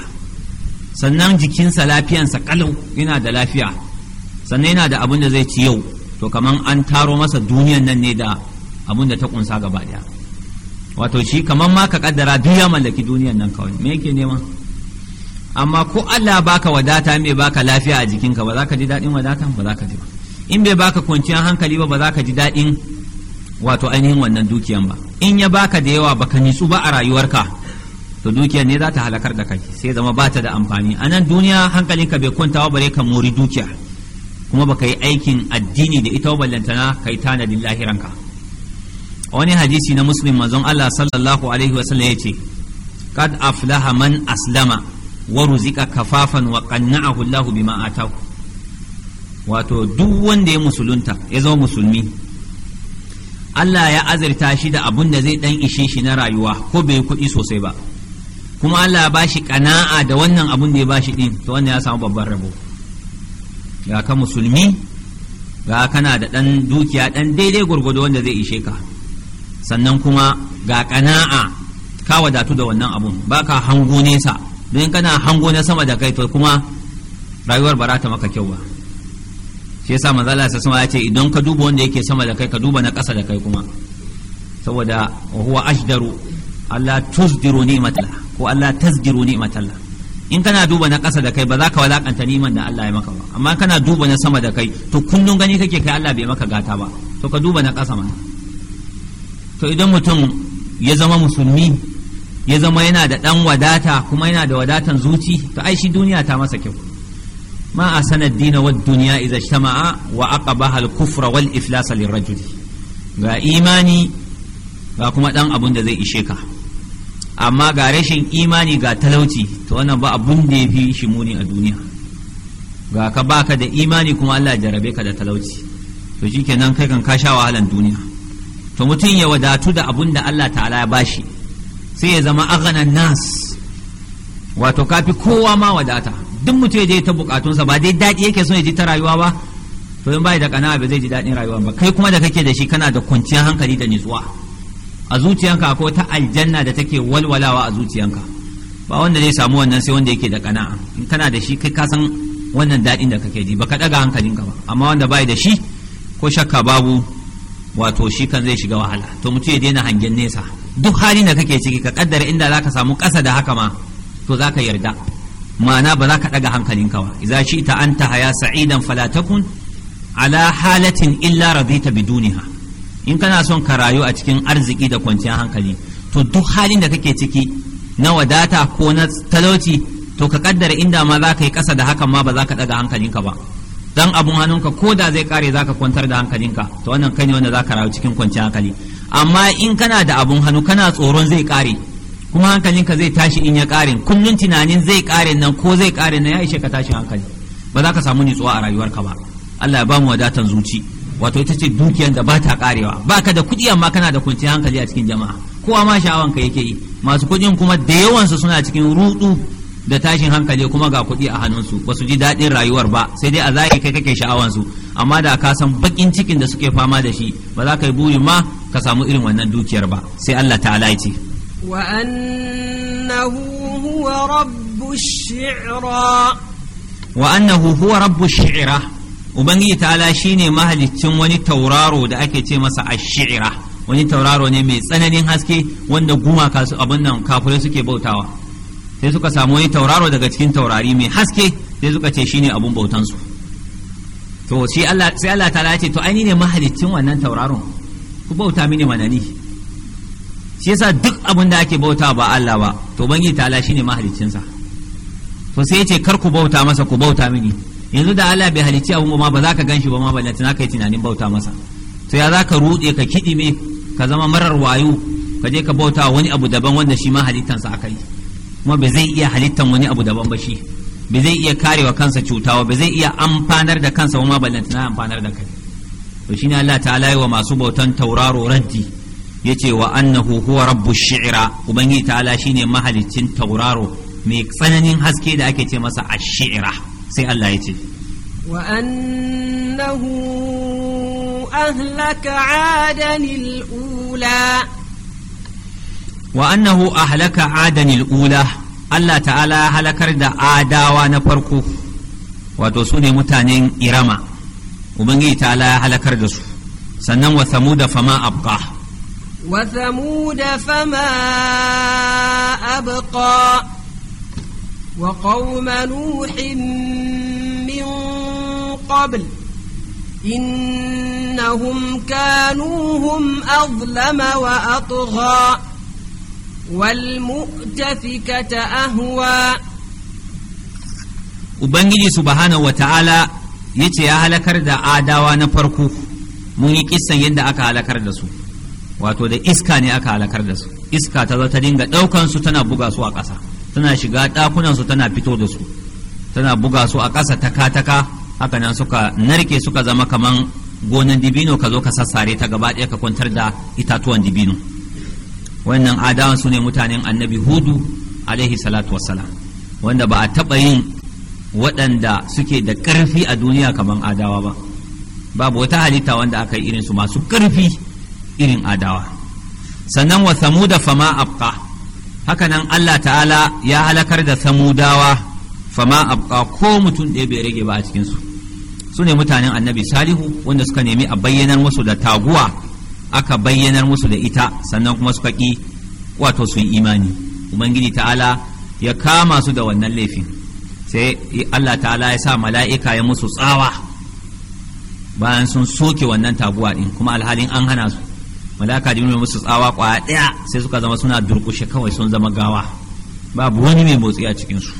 sannan jikinsa lafiyansa kalau yana da lafiya sannan yana da abin da zai ci yau to kaman an taro masa duniyan nan ne da abin da ta kunsa gaba daya wato shi kaman ma ka kaddara duk ya mallaki duniyan nan kawai me yake nema amma ko Allah baka wadata me baka lafiya a jikinka ba za ka ji daɗin wadatan ba za ka ji ba in bai baka kwanciyar hankali ba ba za ka ji daɗin wato ainihin wannan dukiyan ba in ya baka da yawa baka nitsu ba a rayuwarka to dukiya ne za ta halakar da kai sai zama ba ta da amfani a nan duniya hankalinka bai kwanta wa bare ka mori dukiya kuma baka yi aikin addini da ita ballantana kai tanadin lahiranka wani hadisi na muslim manzon Allah sallallahu alaihi wa sallam yace kad aflaha man aslama wa ruzika kafafan wa qanna'ahu Allah bima atahu wato duk wanda ya musulunta ya zama musulmi Allah ya azurta shi da abun da zai dan ishe shi na rayuwa ko bai kuɗi sosai ba kuma Allah ya bashi kana'a da wannan abun da ya bashi din to wannan ya samu babban rabo ga ka musulmi ga kana da dan dukiya dan daidai gurgudu wanda zai ishe ka sannan kuma ga kana'a ka wadatu da wannan abun baka hango nesa don kana hango na sama da kai to kuma rayuwar ba za ta maka kyau ba shi yasa manzo Allah sai sama ya ce idan ka duba wanda yake sama da kai ka duba na ƙasa da kai kuma saboda wa huwa ashdaru Allah tuzdiru ni'matalla ko Allah tazdiru ni'matalla in kana duba na ƙasa da kai ba za ka walakanta niman da Allah ya maka ba amma kana duba na sama da kai to kullun gani kake kai Allah bai maka gata ba to ka duba na ƙasa ma to idan mutum ya zama musulmi ya zama yana da ɗan wadata kuma yana da wadatan zuci to ai shi duniya ta masa kyau ما أحسن الدين والدنيا إذا اجتمع وعقبها الكفر والإفلاس للرجل ga imani ga kuma ɗan abun zai ishe ka amma ga rashin imani ga talauci to wannan ba abun ya fi shi a duniya ga ka baka da imani kuma Allah ya jarabe ka da talauci to shikenan kai kan ka sha wahalan duniya to mutum ya wadatu da abunda Allah ta'ala ya bashi sai ya zama aghanan nas wato kafi kowa ma wadata duk mutum ya je ta bukatunsa ba dai daɗi yake so ya ji ta rayuwa ba to in bai da kana'a ba zai ji daɗin rayuwa ba kai kuma da kake da shi kana da kwanciyar hankali da nutsuwa a zuciyanka akwai wata aljanna da take walwalawa a zuciyanka ba wanda zai samu wannan sai wanda yake da kana'a in kana da shi kai ka san wannan daɗin da kake ji ba ka ɗaga hankalinka ba amma wanda bai da shi ko shakka babu wato shi kan zai shiga wahala to mutum ya daina hangen nesa duk halin da kake ciki ka kaddara inda zaka samu ƙasa da haka ma to zaka yarda ma'ana ba za ka ɗaga hankalinka ba shi ta an haya sa'idan falatakun ala halatin illa radita biduniha in kana son ka rayu a cikin arziki da kwanciyar hankali to duk halin da kake ciki na wadata ko na talauci to ka kaddara inda ma za ka yi ƙasa da hakan ma ba za ka ɗaga hankalinka ba dan abun hannunka ko da zai kare za ka kwantar da hankalinka to wannan kai ne wanda za ka rayu cikin kwanciyar hankali amma in kana da abun hannu kana tsoron zai kare kuma hankalinka zai tashi in ya kare kullun tunanin zai ƙare nan ko zai ƙare nan ya ishe ka tashin hankali ba za ka samu nutsuwa a rayuwarka ba Allah ya ba mu wadatan zuci wato ita ce dukiyar da ba ta ƙarewa ba ka da kuɗi amma kana da kwanciyar hankali a cikin jama'a kowa ma sha'awan ka yake yi masu kuɗin kuma da yawansu suna cikin ruɗu da tashin hankali kuma ga kuɗi a hannunsu ba su ji daɗin rayuwar ba sai dai a zahiri kai kake su amma da ka san bakin cikin da suke fama da shi ba za ka yi buri ma ka samu irin wannan dukiyar ba sai Allah ta'ala ya ce Wa وأنه هو Rabbu الشعرى وأنه هو رب الشعرى وبنجي تعالى شيني مهل وني تورارو ce masa a الشعرى wani tauraro ne mai tsananin haske wanda gumaka su abin nan kafirai suke bautawa sai suka samu wani tauraro daga cikin taurari mai haske sai suka ce shi ne abun bautansu to sai Allah sai Allah ce to aini ne mahalicin wannan tauraron ku bauta mini manani shi yasa duk abin da ake bauta ba Allah ba to bangi ta'ala shine mahaliccinsa to sai yace kar ku bauta masa ku bauta mini yanzu da Allah bai halicci abun ma ba za ka ganshi ba ma balle tana kai tunanin bauta masa to ya za ka rude ka me ka zama marar wayo ka je ka bauta wani abu daban wanda shi ma halittansa aka yi kuma bai zai iya halittan wani abu daban ba shi bai zai iya karewa kansa cutawa bai zai iya amfanar da kansa ma balle tana amfanar da kai to shine Allah ta'ala yi wa masu bautan tauraro raddi yace wa annahu huwa rabbu shiira ubangiji ta'ala shine mahalicin tauraro mai tsananin haske da ake ce masa ash-shi'ra sai Allah yace wa annahu ahlaka 'adan al-ula wa annahu ahlaka 'adan al-ula Allah ta'ala halakar da adawa na farko wato su ne mutanen irama ubangiji ta'ala halakar da su sannan wa samuda fama abqa وثمود فما أبقى وقوم نوح من قبل إنهم كانوا هم أظلم وأطغى والمؤتفكة أهوى Ubangiji subhanahu wa ta'ala ya ce ya halakar da adawa na farko mun yi kisan yadda aka halakar da su. wato da iska ne aka halakar da su iska ta ta dinga ɗaukan su tana buga su a ƙasa tana shiga ɗakunan su tana fito da su tana buga su a ƙasa taka taka haka nan suka narke suka zama kaman gonan dibino ka zo ka sassare ta gaba ɗaya ka kwantar da itatuwan dibino wannan adawa su ne mutanen annabi hudu alaihi salatu wassalam wanda ba a taɓa yin waɗanda suke da ƙarfi a duniya kaman adawa ba babu wata halitta wanda aka yi irin su masu ƙarfi irin adawa sannan wa samuda fama abqa hakanan Allah ta'ala ya halakar da samudawa fama abqa ko mutum ɗaya bai rage ba a cikinsu su ne mutanen annabi salihu wanda suka nemi a bayyanar musu da taguwa aka bayyanar musu da ita sannan kuma suka ƙi wato sun imani ubangiji ta'ala ya kama su da wannan laifin sai Allah ta'ala ya sa mala'ika ya musu tsawa bayan sun soke wannan taguwa ɗin kuma alhalin an hana su malaka jibril musu tsawa kwaya daya sai suka zama suna durkushe kawai sun zama gawa babu wani mai motsi a cikin su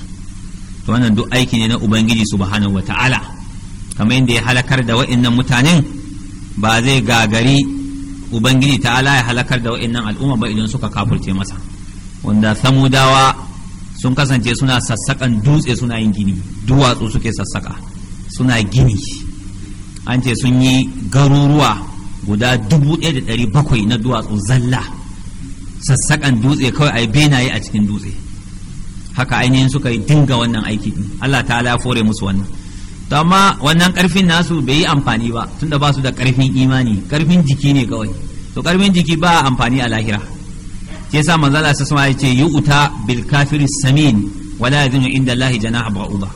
to wannan duk aiki ne na ubangiji subhanahu wataala kamar yadda ya halakar da wa'annan mutanen ba zai gagari ubangiji ta'ala ya halakar da wa'annan al'umma ba idan suka kafurce masa wanda samudawa sun kasance suna sassakan dutse suna yin gini duwatsu suke sassaka suna gini an ce sun yi garuruwa guda dubu ɗaya da ɗari bakwai na duwatsu zalla sassaƙan dutse kawai a yi benaye a cikin dutse haka ainihin suka yi dinga wannan aiki Allah ta'ala ya fore musu wannan to amma wannan karfin nasu bai yi amfani ba tunda ba su da ƙarfin imani karfin jiki ne kawai to ƙarfin jiki ba amfani a lahira ke sa manzala sa sama yace yi bil kafir samin wala da inda jana janaha uba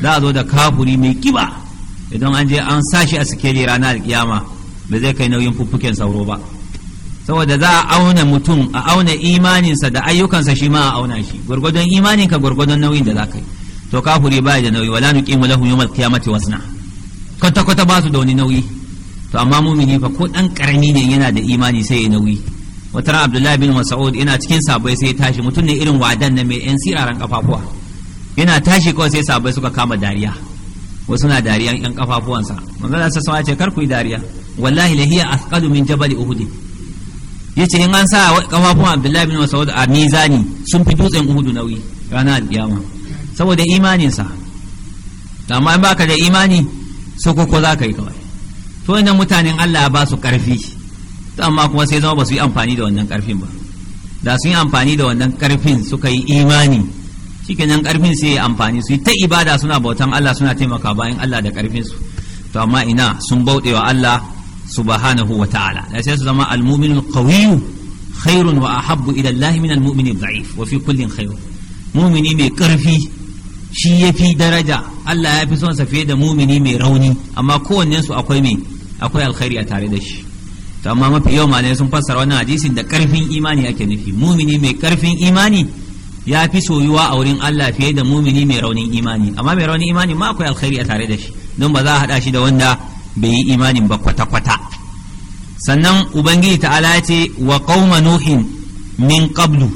za a zo da kafuri mai kiba idan an je an sashi a sikeli ranar alkiyama ba zai kai nauyin fuffuken sauro ba saboda za a auna mutum a auna imaninsa da ayyukansa shi ma a auna shi gwargwadon imaninka gwargwadon nauyin da za ka yi to kafuri baya da nauyi wala nuqimu lahum yawmal qiyamati wasna kwata kwata ba su da wani nauyi to amma mumini fa ko dan karami ne yana da imani sai ya nauyi wata ran abdullahi bin mas'ud yana cikin sabai sai ya tashi mutum ne irin wadan na mai yan siraran kafafuwa yana tashi kawai sai sabai suka kama dariya wasu na dariyan yan kafafuwansa manzo Allah sai ce kar ku yi dariya wallahi la hiya asqalu min jabal uhud yace in an sa kafafun abdullahi bin mas'ud a mizani sun fi dutsen uhud nauyi ranar alqiyama saboda imanin sa amma in baka da imani so ko za ka yi kawai to wannan mutanen Allah ba su karfi amma kuma sai zama ba su yi amfani da wannan karfin ba da sun yi amfani da wannan karfin suka yi imani shikenan karfin sai ya amfani su yi ta ibada suna bautan Allah suna taimaka bayan Allah da karfin su to amma ina sun bautewa Allah subhanahu wa ta'ala da sai zama al-mu'minu al-qawiyyu khairun wa ahabbu ila Allah min al-mu'mini ad-da'if kullin khairun mu'mini mai karfi shi yafi daraja Allah ya fi son fiye da mu'mini mai rauni amma kowannen su akwai me akwai alkhairi a tare da shi to amma mafi yawan malamai sun fassara wannan hadisin da karfin imani ake nufi mu'mini mai karfin imani ya fi soyuwa a wurin Allah fiye da mumini mai raunin imani amma mai raunin imani ma akwai alkhairi a tare da shi don ba za a haɗa shi da wanda bai yi imanin ba kwata-kwata sannan ubangiji ta'ala ya ce wa kauma nuhin min qablu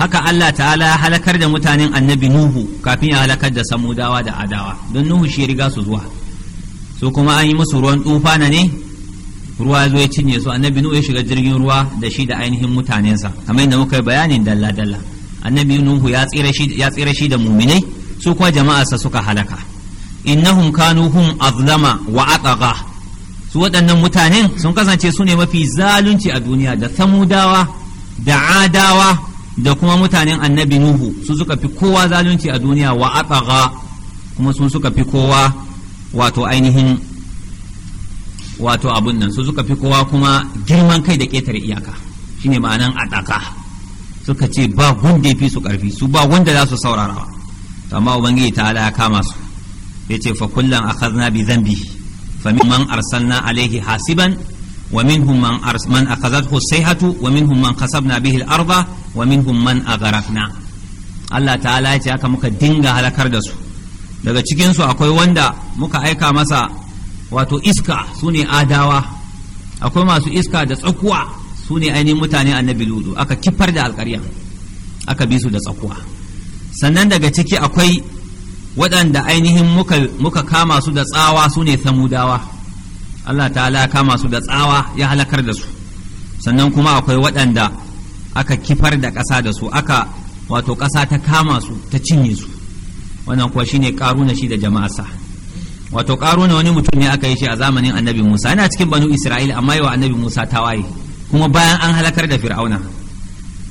haka Allah ta'ala ya halakar da mutanen annabi nuhu kafin ya halakar da samudawa da adawa don nuhu shi riga su zuwa su kuma an yi musu ruwan na ne ruwa zo ya cinye su annabi nuhu ya shiga jirgin ruwa da shi da ainihin mutanensa kamar yadda muka yi bayanin dalla dalla annabi nuhu ya tsira shi da muminai su kuma jama'arsa suka halaka innahum kanu hum azlama wa atagha su waɗannan mutanen sun kasance su ne mafi zalunci a duniya da samudawa da adawa da kuma mutanen annabi nuhu su suka fi kowa zalunci a duniya wa atagha kuma sun suka fi kowa wato ainihin wato abun nan su suka fi kowa kuma girman kai da ƙetare iyaka shine ma'anan ataka suka ce ba gunde fi su ƙarfi su ba wanda za su saurarawa amma ubangiji ta ya kama su yace fa kullan akhadna bi fa man arsalna alayhi hasiban wa minhum man ars man akhadhathu sayhatu wa minhum man khasabna bihi al wa minhum man agharaqna Allah ta'ala ce haka muka dinga halakar da su daga cikinsu akwai wanda muka aika masa wato iska ne adawa akwai masu iska da tsakuwa ne ainihin mutane annabi ludu aka kifar da alkarya aka bi su da tsakuwa sannan daga ciki akwai waɗanda ainihin muka kama su da tsawa su ne samudawa Allah ta'ala ya kama su da tsawa ya halakar da su sannan kuma akwai waɗanda aka kifar da ƙasa da su aka wato ƙasa ta kama su ta cinye su wannan kuwa shine ƙaruna shi da jama'arsa wato ƙaruna wani mutum ne aka yi shi a zamanin annabi musa yana cikin banu isra'ila amma yawa annabi musa ta waye. kuma bayan an halakar da fir'auna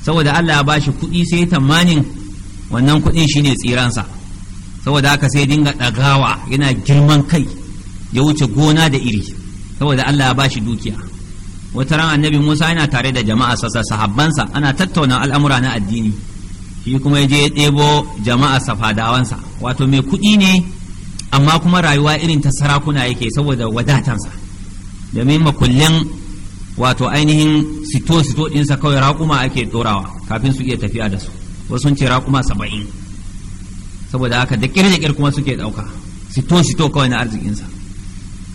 saboda allah ya bashi kuɗi sai tamanin wannan kuɗin shine tsiransa saboda aka sai dinga ɗagawa yana girman kai ya wuce gona da iri saboda Allah ya bashi dukiya wata ran annabi Musa yana tare da jama'a sassa sahabbansa ana tattauna al'amura na addini shi kuma ya je ya ɗebo jama'a safadawansa wato mai kuɗi ne amma kuma rayuwa irin ta sarakuna yake saboda wadatansa domin makullin wato ainihin sito sito ɗinsa kawai raƙuma ake ɗorawa kafin su iya tafiya da su wasu ce raƙuma saba'in saboda haka da kirje kuma suke dauka sito sito kawai na arzikinsa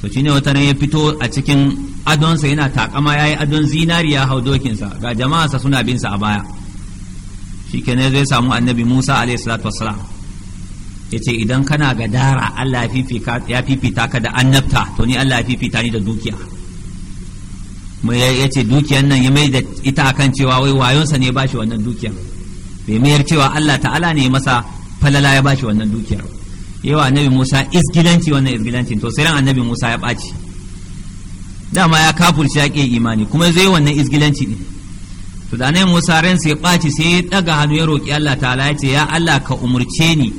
to shine wata ran ya fito a cikin adonsa yana takama yayi adon zinariya hau dokinsa ga jama'arsa suna bin sa a baya shikenan zai samu annabi Musa alaihi salatu wassalam yace idan kana ga dara Allah ya fifita ya fifita ka da annabta to ni Allah ya fifita ni da dukiya mai yace dukiyan nan ya mai da ita akan cewa wai wayonsa ne bashi wannan dukiyan bai mayar cewa Allah ta'ala ne masa falala ya bashi wannan dukiyar yawa annabi Musa isgilanci wannan isgilancin to sai ran annabi Musa ya ɓaci dama ya kafurci ya ƙi imani kuma zai wannan isgilanci ne to da annabi Musa ran sai ya ɓaci sai ya ɗaga hannu ya roƙi Allah ta'ala ya ce ya Allah ka umurce ni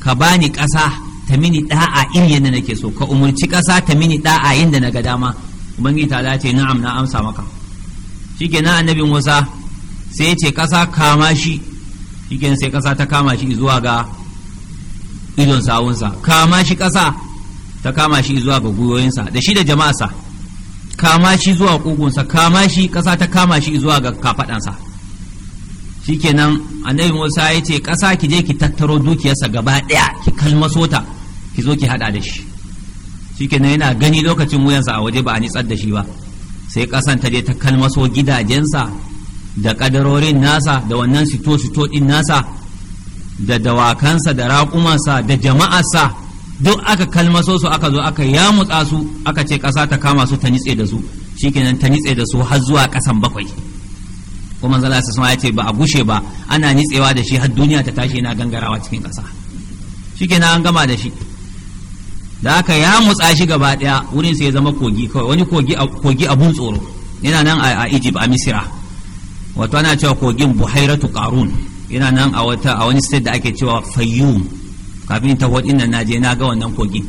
ka bani ƙasa ta mini da'a irin yadda nake so ka umurci ƙasa ta mini da'a yadda na ga dama ubangiji ta'ala ya ce na'am na amsa maka shikenan annabi Musa sai ya ce ƙasa kama shi shikenan sai kasa ta kama shi zuwa ga idon sawunsa kama shi kasa ta kama shi zuwa ga gwiwoyinsa da shi da jama'arsa kama shi zuwa kugunsa kama shi kasa ta kama shi zuwa ga kafaɗansa shikenan annabi musa ya ce kasa ki je ki tattaro dukiyarsa gaba daya ki kalmaso ta ki zo ki hada da shi shikenan yana gani lokacin wuyansa a waje ba a nitsar da shi ba sai kasan ta je ta kalmaso gidajensa da kadarorin nasa da wannan sito-sito din nasa da dawakansa da raƙumansa da jama'arsa duk aka kalmaso su aka zo aka yamutsa su aka ce ƙasa ta kama su ta nitse da su shikenan ta nitse da su har zuwa ƙasan bakwai kuma zala su ya ce ba a gushe ba ana nitsewa da shi har duniya ta tashi yana gangarawa cikin ƙasa shikenan an gama da shi da aka ya yamutsa shi gaba ɗaya wurin sai ya zama kogi kawai wani kogi abun tsoro yana nan a Egypt a Misira wato ana cewa kogin buhairatu karun yana nan a wata a wani state da ake cewa fayyum kafin ta hoɗi nan je na ga wannan kogin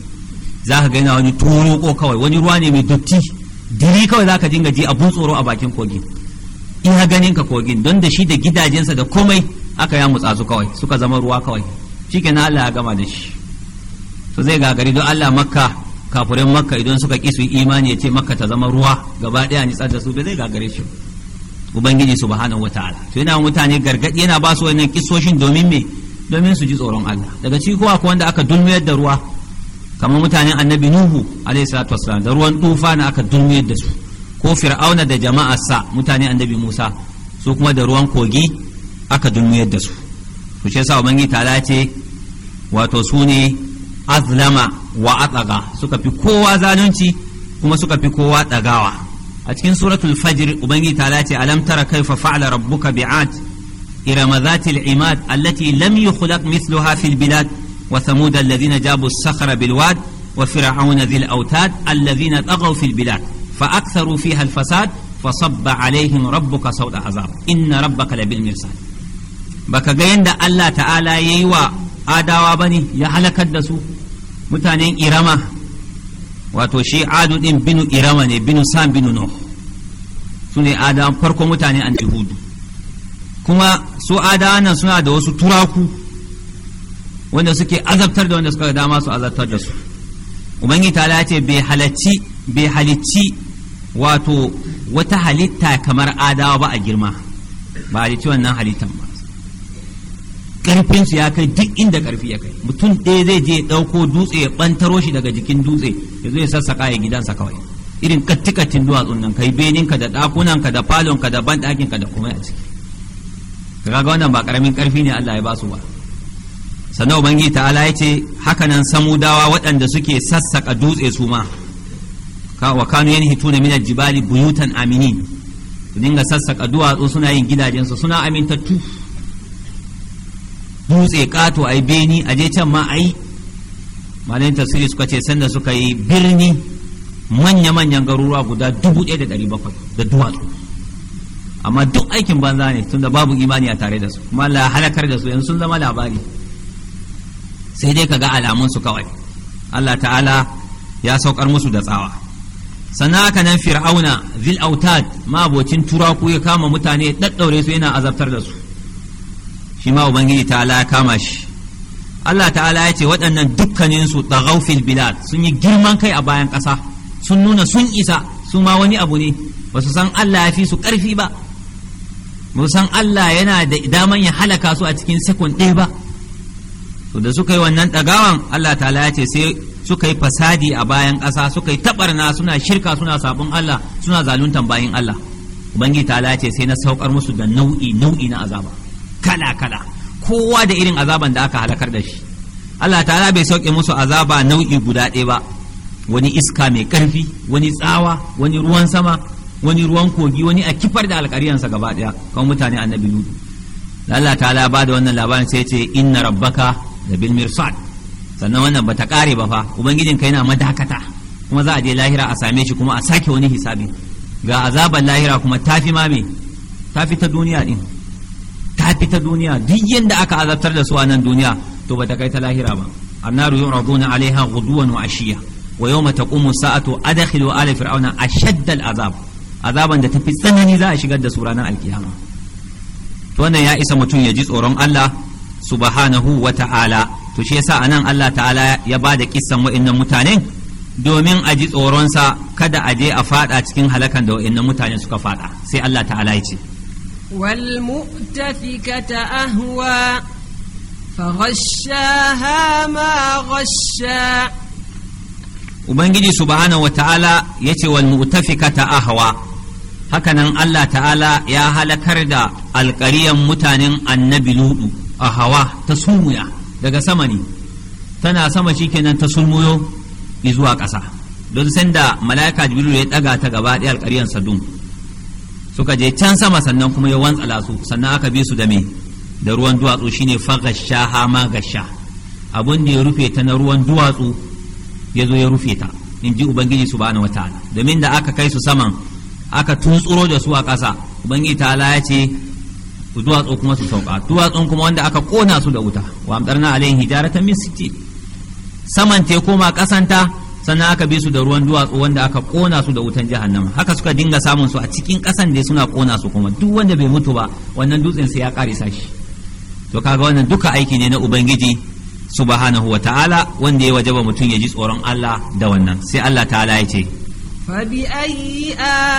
za ka gani wani wani ko kawai wani ruwa ne mai dotti diri kawai za ka dinga ji abun tsoro a bakin kogin iya ganin ka kogin don da shi da gidajensa da komai aka ya mutsa kawai suka zama ruwa kawai na Allah ya gama da shi so zai gagari don Allah makka kafurin makka idan suka ƙi su imani ya ce makka ta zama ruwa gaba ɗaya nitsar da su bai zai gagare shi ubangiji su wata ala to yana mutane gargaɗi yana ba su wannan kisoshin domin me domin su ji tsoron Allah daga ciki ko wanda aka dulmiyar da ruwa kamar mutanen annabi nuhu alayhi salatu wassalam da ruwan tufa na aka dulmiyar da su ko fir'auna da jama'ar sa mutane annabi musa su kuma da ruwan kogi aka dulmiyar da su to shi yasa ubangiji ta ce wato su ne azlama wa atsaga suka fi kowa zalunci kuma suka fi kowa tsagawa أتكن سورة الفجر وبنجي تالاتي ألم ترى كيف فعل ربك بعاد إلى مذات العماد التي لم يخلق مثلها في البلاد وثمود الذين جابوا الصخر بالواد وفرعون ذي الأوتاد الذين طغوا في البلاد فأكثروا فيها الفساد فصب عليهم ربك صوت عذاب إن ربك لبالمرصاد بك جين دا الله تعالى ييوا آدا وابني يهلك الدسو متانين إرمه wato shi adu din binu irama ne binu sam binu no su ne adam farko mutane an hudu kuma su adawa nan suna da wasu turaku wanda suke azabtar da wanda suka dama su azabtar da su ubangi ta ce bai halacci bai halicci wato wata halitta kamar adawa ba a girma ba halicci wannan halittan ba karfinsu ya kai duk inda karfi ya kai mutum ɗaya zai je ɗauko dutse ya ɓantaro shi daga jikin dutse ya zo ya sassaka ya gidansa kawai irin kattikatin duwatsun nan kai beninka da ɗakunanka da falonka da banɗakinka da kuma a ciki kaga wannan ba ƙaramin ƙarfi ne Allah ya ba su ba sannan ubangiji ta'ala ya ce hakanan samudawa waɗanda suke sassaka dutse su ma wa kanu na minar jibali buyutan aminin dinga sassaka duwatsu suna yin gidajensu suna amintattu dutse kato ai beni a je can ma ai malayin tafsiri suka ce sanda suka yi birni manya-manyan garuruwa guda dubu da duwatsu amma duk aikin banza ne tunda babu imani a tare da su kuma la halakar da su yanzu sun zama labari sai dai ka ga alamun su kawai Allah ta'ala ya saukar musu da tsawa sannan haka nan fir'auna zil autad turaku ya kama mutane ya su yana azabtar da su shi ma ubangiji ta'ala ya kama shi Allah ta'ala ya ce waɗannan dukkaninsu ɗagau fil bilad sun yi girman kai a bayan ƙasa sun nuna sun isa su ma wani abu ne ba su san Allah ya fi su ƙarfi ba ba su san Allah yana da daman ya halaka su a cikin sekon ɗaya ba to da suka yi wannan ɗagawan Allah ta'ala ya ce sai suka yi fasadi a bayan ƙasa suka yi taɓarna suna shirka suna sabon Allah suna zaluntan bayin Allah ubangiji ta'ala ya ce sai na saukar musu da nau'i nau'i na azaba kala-kala kowa da irin azaban da aka halakar da shi Allah ta'ala bai sauke musu azaba nau'i guda ɗaya ba wani iska mai ƙarfi wani tsawa wani ruwan sama wani ruwan kogi wani a kifar da alƙaryansa gaba ɗaya kan mutane annabi lutu Allah ta'ala ba da wannan labarin sai ce inna rabbaka da bil mirsad sannan wannan bata kare ba fa ubangijin kai yana madakata kuma za a je lahira a same shi kuma a sake wani hisabi ga azaban lahira kuma tafi ma me tafi ta duniya din ta fita duniya duk yadda aka azabtar da su a nan duniya to bata kai ta lahira ba annaru yu'raduna alaiha ghuduwan wa ashiya wa yawma taqumu sa'atu adkhilu ala fir'auna ashadda al'azab azaban da tafi tsanani za a shigar da su ranar alkiyama to wannan ya isa mutum ya ji tsoron Allah subhanahu wa ta'ala to shi yasa anan Allah ta'ala ya ba da kissan wa'annan mutane domin a ji tsoronsa kada a je a fada cikin halakan da wa'annan mutane suka fada sai Allah ta'ala ya ce والمؤتفكة أهوى فغشاها ما غشى Ubangiji subhanahu wa ta'ala ya ce wal mu'tafikata ahwa hakanan Allah ta'ala ya halakar da alƙariyan mutanen annabi ludu a hawa ta sumuya daga sama ne tana sama shikenan ta sulmuyo zuwa ƙasa don sanda mala'ika jibril ya ɗaga ta gaba ɗaya alƙariyan sadun suka je can sama sannan kuma ya wantsala su sannan aka bi su da me da ruwan duwatsu shine fagasha ha magasha abun da ya rufe ta na ruwan duwatsu ya zo ya rufe ta in ji ubangiji subhanahu wataala domin da aka kai su saman aka tuntsuro da su a ƙasa ubangiji ta ya ce duwatsu kuma su sauka duwatsun kuma wanda aka kona su da wuta wa amtarna alaihi jaratan min sittin saman te koma kasanta. sannan aka bi su da ruwan duwatsu wanda aka kona su da wutan jahannama haka suka dinga samun su a cikin kasan da suna kona su kuma duk wanda bai mutu ba wannan dutsen sai ya kare shi to kaga wannan duka aiki ne na ubangiji subhanahu wa ta'ala wanda ya wajaba mutum ya ji tsoron Allah da wannan sai Allah ta'ala ya ce فبأي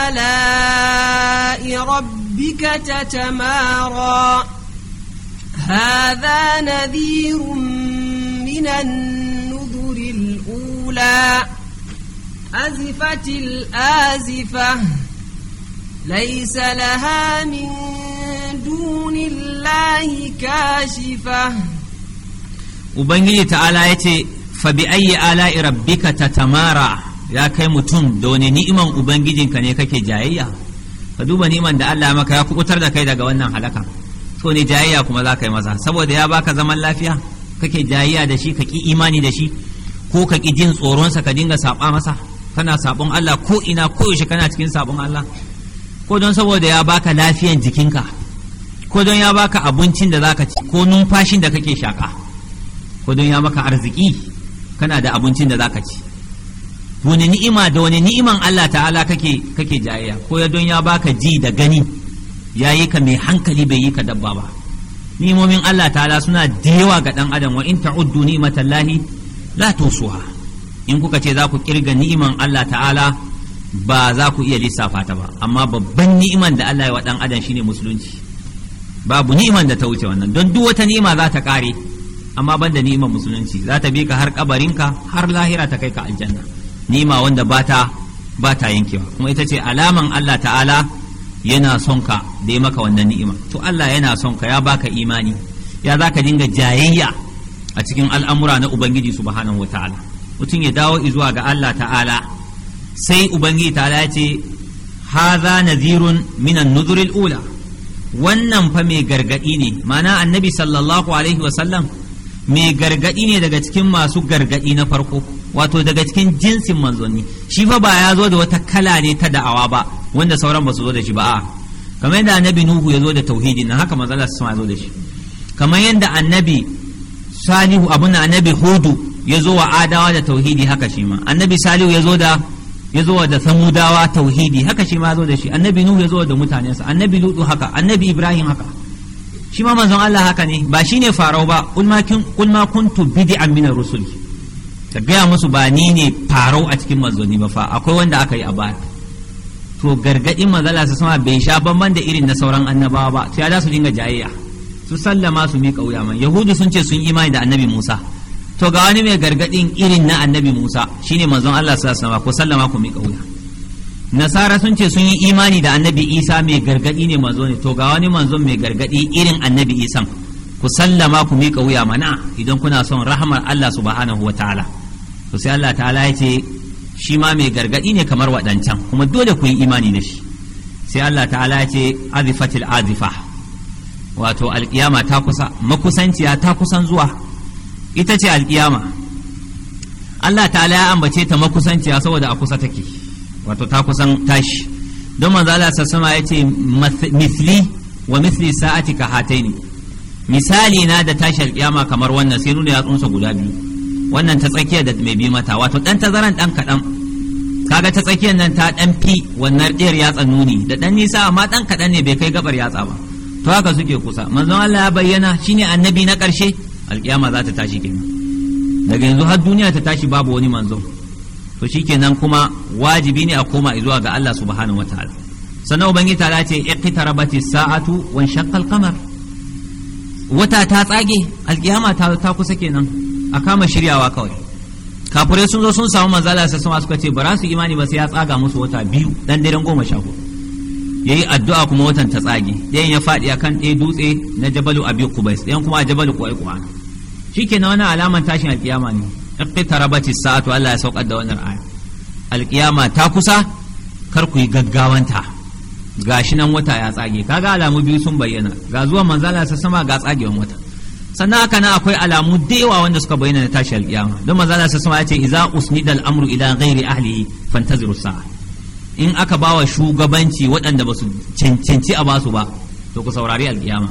آلاء ربك تتمارى هذا نذير من النار الأولى أزفت الآزفة ليس لها من دون الله كاشفة Ubangiji ta'ala ya ce, Fabi ayi ala'i ta tamara ya kai mutum da wani ni'iman Ubangijinka ne kake jayayya, ka duba ni'iman da Allah maka ya kubutar da kai daga wannan halaka, to ne jayayya kuma za ka yi maza, saboda ya baka zaman lafiya, kake jayayya da shi, ka ƙi imani da shi, ko ka ƙi jin tsoronsa ka dinga saɓa masa kana saɓon Allah ko ina koyaushe kana cikin saɓon Allah ko don saboda ya baka lafiyan jikinka ko don ya baka abincin da zaka ci ko numfashin da kake shaka ko don ya maka arziki kana da abincin da zaka ci wani ni'ima da wani ni'iman Allah ta'ala kake kake jayayya ko ya don ya baka ji da gani ya yi ka mai hankali bai yi ka dabba ba ni'imomin Allah ta'ala suna da yawa ga dan adam wa in ta'uddu ni'matallahi la tusuha in kuka ce za ku kirga ni'iman Allah ta'ala ba za ku iya lissafa ta ba amma babban ni'iman da Allah ya wa dan adam shine musulunci babu ni'iman da ta wuce wannan don duk wata ni'ima za ta kare amma banda ni'iman musulunci za ta bika har har kabarinka har lahira ta kai ka aljanna ni'ima wanda ba ta ba ta yankewa kuma ita ce alaman Allah ta'ala yana son ka da ya maka wannan ni'ima to Allah yana son ka ya baka imani ya za ka dinga jayayya a cikin al'amura na ubangiji subhanahu ta'ala mutum ya dawo izuwa ga Allah ta'ala sai ubangiji ta'ala ya ce haza nazirun minan nuzuril ula wannan fa mai gargaɗi ne mana annabi sallallahu alaihi wasallam mai gargaɗi ne daga cikin masu gargaɗi na farko wato daga cikin jinsin manzanni shi fa ba ya zo da wata kala ne ta da'awa ba wanda sauran ba su zo da shi ba kamar yadda annabi nuhu ya zo da tauhidi nan haka manzala su ya zo da shi kamar yadda annabi salihu abun annabi hudu ya zo wa adawa da tauhidi haka shi ma annabi salihu ya zo da ya zo da samudawa tauhidi haka shi ma zo da shi annabi nuhu ya zo da mutanensa annabi lutu haka annabi ibrahim haka shi ma manzon Allah haka ne ba shi ne farau ba kul ma kul ma kuntu bid'an min rusul ta gaya musu ba ni ne farau a cikin manzoni ba fa akwai wanda aka yi a baya to gargadin manzala su sama bai sha banban da irin na sauran annabawa ba sai ya za su dinga jayayya su sallama su miƙa wuya man yahudu sun ce sun imani da annabi musa to ga wani mai gargadin irin na annabi musa shine manzon allah sallallahu ko sallama ku miƙa wuya nasara sun ce sun yi imani da annabi isa mai gargadi ne manzo ne to ga wani manzon mai gargadi irin annabi Isa ku sallama ku miƙa wuya mana idan kuna son rahmar allah subhanahu wa ta'ala to sai allah ta'ala ya ce shi ma mai gargadi ne kamar waɗancan kuma dole ku yi imani da shi sai allah ta'ala ya ce azifatil azifa wato alkiyama ta kusa makusanciya ta kusan zuwa ita ce alkiyama Allah ta'ala ya ambace ta makusanciya saboda a kusa take wato ta kusan tashi don manzo Allah sassama ya ce Misli wa Misli mithli sa'atika hataini misali na da tashi alkiyama kamar wannan sai nuna yatsunsa guda biyu wannan ta tsakiyar da mai bi mata wato dan tazaran dan kadan kaga ta tsakiyar nan ta dan fi wannan ɗiyar yatsa nuni da dan nisa amma dan kadan ne bai kai gabar yatsa ba to haka suke kusa manzon Allah ya bayyana shine annabi na ƙarshe alƙiyama za ta tashi kenan daga yanzu har duniya ta tashi babu wani manzon to shikenan kuma wajibi ne a koma zuwa ga Allah subhanahu wataala sannan ubangiji ta ce iqtarabati sa'atu wa shaqqa al-qamar wata ta tsage alƙiyama ta ta kusa kenan a kama shiryawa kawai kafirai sun zo sun samu manzala sai suka ce ba za su imani ba sai ya tsaga musu wata biyu dan daren goma sha hudu yayi addu'a kuma watan ta tsage ɗayan ya faɗi akan ɗaya dutse na jabalu abi kubais ɗayan kuma a jabalu shi ke na wani alaman tashin alƙiyama ne iqtarabati sa'atu Allah ya saukar da wannan aya alƙiyama ta kusa kar ku yi gaggawanta gashi nan wata ya tsage kaga alamu biyu sun bayyana ga zuwa manzala sa sama ga tsagewan wata sannan haka nan akwai alamu da yawa wanda suka bayyana na tashi alƙiyama don manzala sa sama ya ce idza usnida al-amru ila ghairi ahlihi fantaziru sa'a in aka bawa shugabanci waɗanda ba su cancanci a basu ba to ku saurari alkiyama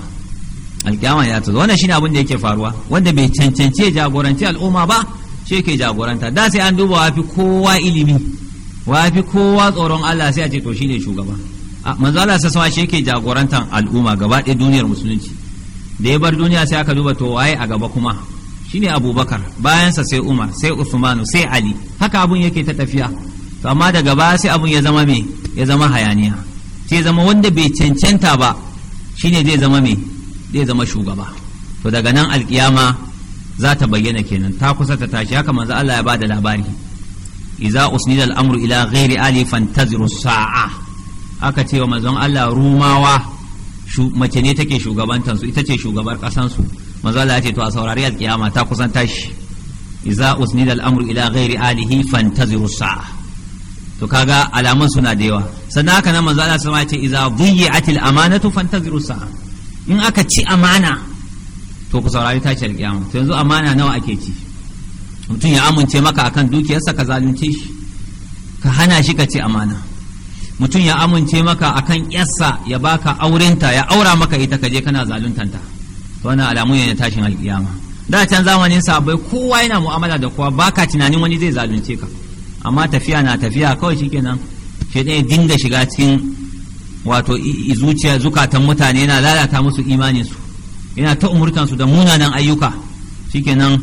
alkiyama ya tazo wannan shine abin da yake faruwa wanda bai cancanci ya jagoranci al'umma ba shi yake jagoranta da sai an duba wafi kowa ilimi wafi kowa tsoron Allah sai a ce to shine shugaba manzo Allah sai sama shi yake jagorantan al'umma gaba ɗaya duniyar musulunci da ya bar duniya sai aka duba to waye a gaba kuma shine Abubakar bayansa sai Umar sai Usmanu sai Ali haka abun yake ta tafiya to amma daga baya sai abun ya zama me ya zama hayaniya sai zama wanda bai cancanta ba shine zai zama me zai zama shugaba to daga nan alkiyama za ta bayyana kenan ta kusa ta tashi haka manzo Allah ya ba da labari iza usnida al-amru ila ghairi ali fantaziru sa'a aka ce wa manzon Allah rumawa mace ne take shugabantar su ita ce shugabar kasan su manzo Allah ya ce to a saurari alkiyama ta kusan tashi iza usnida al-amru ila ghairi alihi fantaziru sa'a to kaga alaman suna da yawa sannan haka nan manzo Allah sallallahu alaihi wasallam ya ce idza dhiyyatil amanatu fantaziru sa'a in aka ci amana to ku saurari tashin kiyama to yanzu amana nawa ake ci mutum ya amince maka akan dukiyarsa ka zalunce shi ka hana shi ka ci amana mutum ya amince maka akan yarsa ya baka aurenta ya aura maka ita kaje kana zaluntanta to wannan alamu ne na tashin alkiyama da can zamanin sabai kowa yana mu'amala da kowa baka tunanin wani zai zalunce ka amma tafiya na tafiya kawai shikenan shi ɗaya dinga shiga cikin wato zuciya zukatan mutane yana lalata musu imaninsu yana ta umurtansu da munanan ayyuka shikenan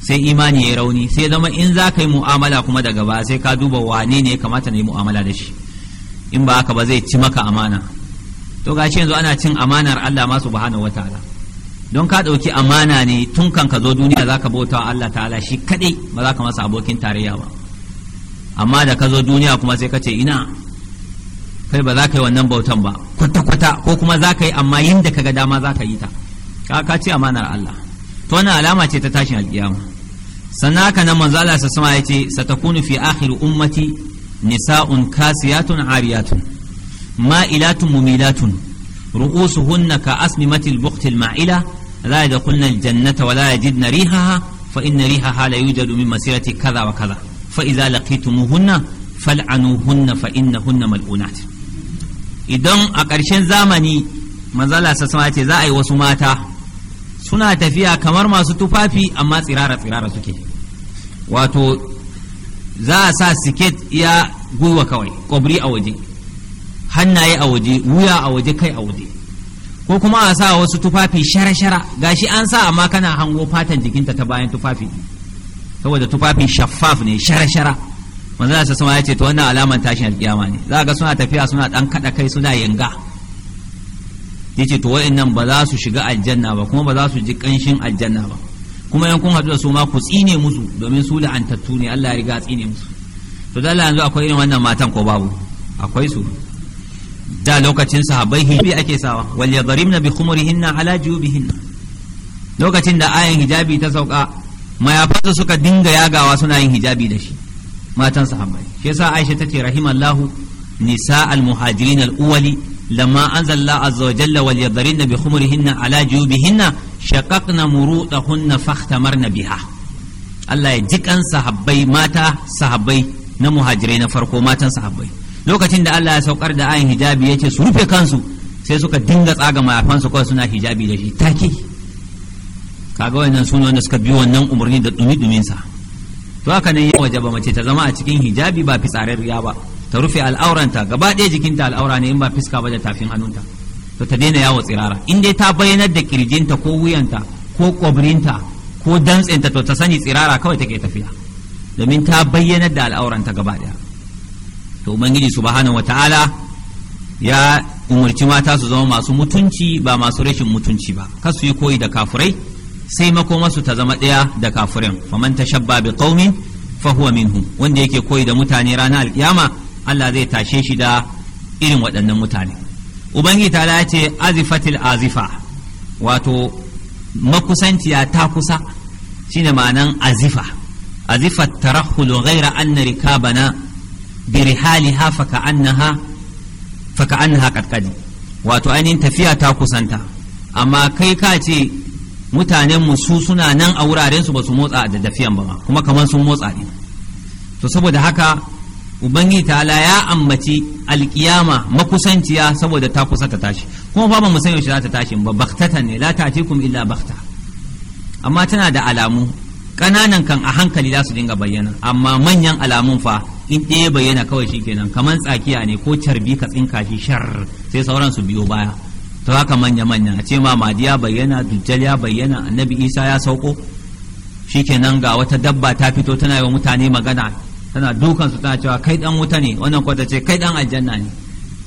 sai imani ya rauni sai zama in za ka yi mu'amala kuma daga ba sai ka duba wane ne ya kamata na yi mu'amala da shi in ba haka ba zai ci maka amana to gashi yanzu ana cin amanar Allah ma subhanahu wataala don ka ɗauki amana ne tun kan ka zo duniya za ka bauta Allah ta'ala shi kaɗai ba za ka masa abokin tarayya ba amma da ka zo duniya kuma sai ka ce ina kai ba za ka yi wannan bautan ba kwata-kwata ko kuma za ka yi amma yadda ka ga dama za ka yi ta ka ka ce amanar Allah to wannan alama ce ta tashin alkiyama sannan haka nan manzo Allah sassama ya ce satakunu fi akhir ummati nisa'un kasiyatun ariyatun ma'ilatun mumilatun ru'usuhunna ka asnimatil buqtil ma'ila la yadkhulna aljannata wa la yajidna rihaha fa inna rihaha la yujadu min masirati kaza wa kaza fa idza laqitumuhunna fal'anuhunna fa innahunna mal'unat idan a ƙarshen zamani manzala sassama ce za a yi wasu mata suna tafiya kamar masu tufafi amma tsirara tsirara suke wato za a sa siket ya gwiwa kawai kwabri a waje hannaye a waje wuya a waje kai a waje ko kuma a sa wasu tufafi shara-shara gashi an sa amma kana hango fatan jikinta ta bayan tufafi saboda tufafin shaffaf ne shara-shara manzo da sassama ya ce to wannan alaman tashin alkiyama ne za ga suna tafiya suna dan kada kai suna yanga ce to nan ba za su shiga aljanna ba kuma ba za su ji kanshin aljanna ba kuma yan kun hadu da su ma ku tsine musu domin su la'antattu ne Allah ya riga tsine musu to da Allah yanzu akwai irin wannan matan ko babu akwai su da lokacin sahabbai hijabi ake sawa wal yadrimna bi khumurihinna ala jubihinna lokacin da ayin hijabi ta sauka mayafansa suka dinga yagawa suna yin hijabi da shi matan sahabbai shi yasa Aisha tace rahimallahu nisa al-muhajirin al-awwali lamma anzalla azza wa jalla wal yadharin bi khumurihinna ala jubihinna shaqaqna murudahunna fakhtamarna biha Allah ya jikan sahabbai mata sahabbai na muhajirai na farko matan sahabbai lokacin da Allah ya saukar da ayin hijabi yace su rufe kansu sai suka dinga tsaga mayafansu kawai suna hijabi da shi take kaga wannan suna wanda suka biyo wannan umarni da dumi-dumin sa to haka nan ya wajaba mace ta zama a cikin hijabi ba fitsarar riya ba ta rufe al'auranta gaba ɗaya jikinta al'aura ne in ba fiska ba da tafin hannunta to ta daina yawo tsirara in dai ta bayyanar da kirjinta ko wuyanta ko kwabrinta ko dantsinta to ta sani tsirara kawai take tafiya domin ta bayyanar da al'auranta gaba ɗaya to ubangiji subhanahu wata'ala ya umarci mata su zama masu mutunci ba masu rashin mutunci ba kar su yi koyi da kafurai sai makomarsu ta zama ɗaya da kafirin faman tashabba bi qaumin fa huwa wanda yake koyi da mutane ranar alkiyama Allah zai tashe shi da irin waɗannan mutane ubangi ta ya ce azifatil azifa wato makusanciya ta kusa shine ma'anan azifa azifa tarahulu ghaira anna rikabana bi rihaliha fa ka'annaha annaha ka'annaha wato ainihin tafiya ta kusanta amma kai ka ce mutanen mu su suna nan a wuraren su ba su motsa da dafiyan ba kuma kamar sun motsa ne to saboda haka ubangiji ta'ala ya ambaci alkiyama makusanciya saboda ta kusa ta tashi kuma babu mu san yaushe za ta tashi ba baktata ne la ta'tikum illa bakta amma tana da alamu kananan kan a hankali za su dinga bayyana amma manyan alamun fa in ɗaya bayyana kawai shikenan kamar tsakiya ne ko carbi ka tsinka shi shar sai sauran su biyo baya to haka manya manya a ce ma madi ya bayyana dujjal ya bayyana annabi isa ya sauko shikenan ga wata dabba ta fito tana yi wa mutane magana tana dukan su tana cewa kai dan wuta ne wannan kwata ce kai dan aljanna ne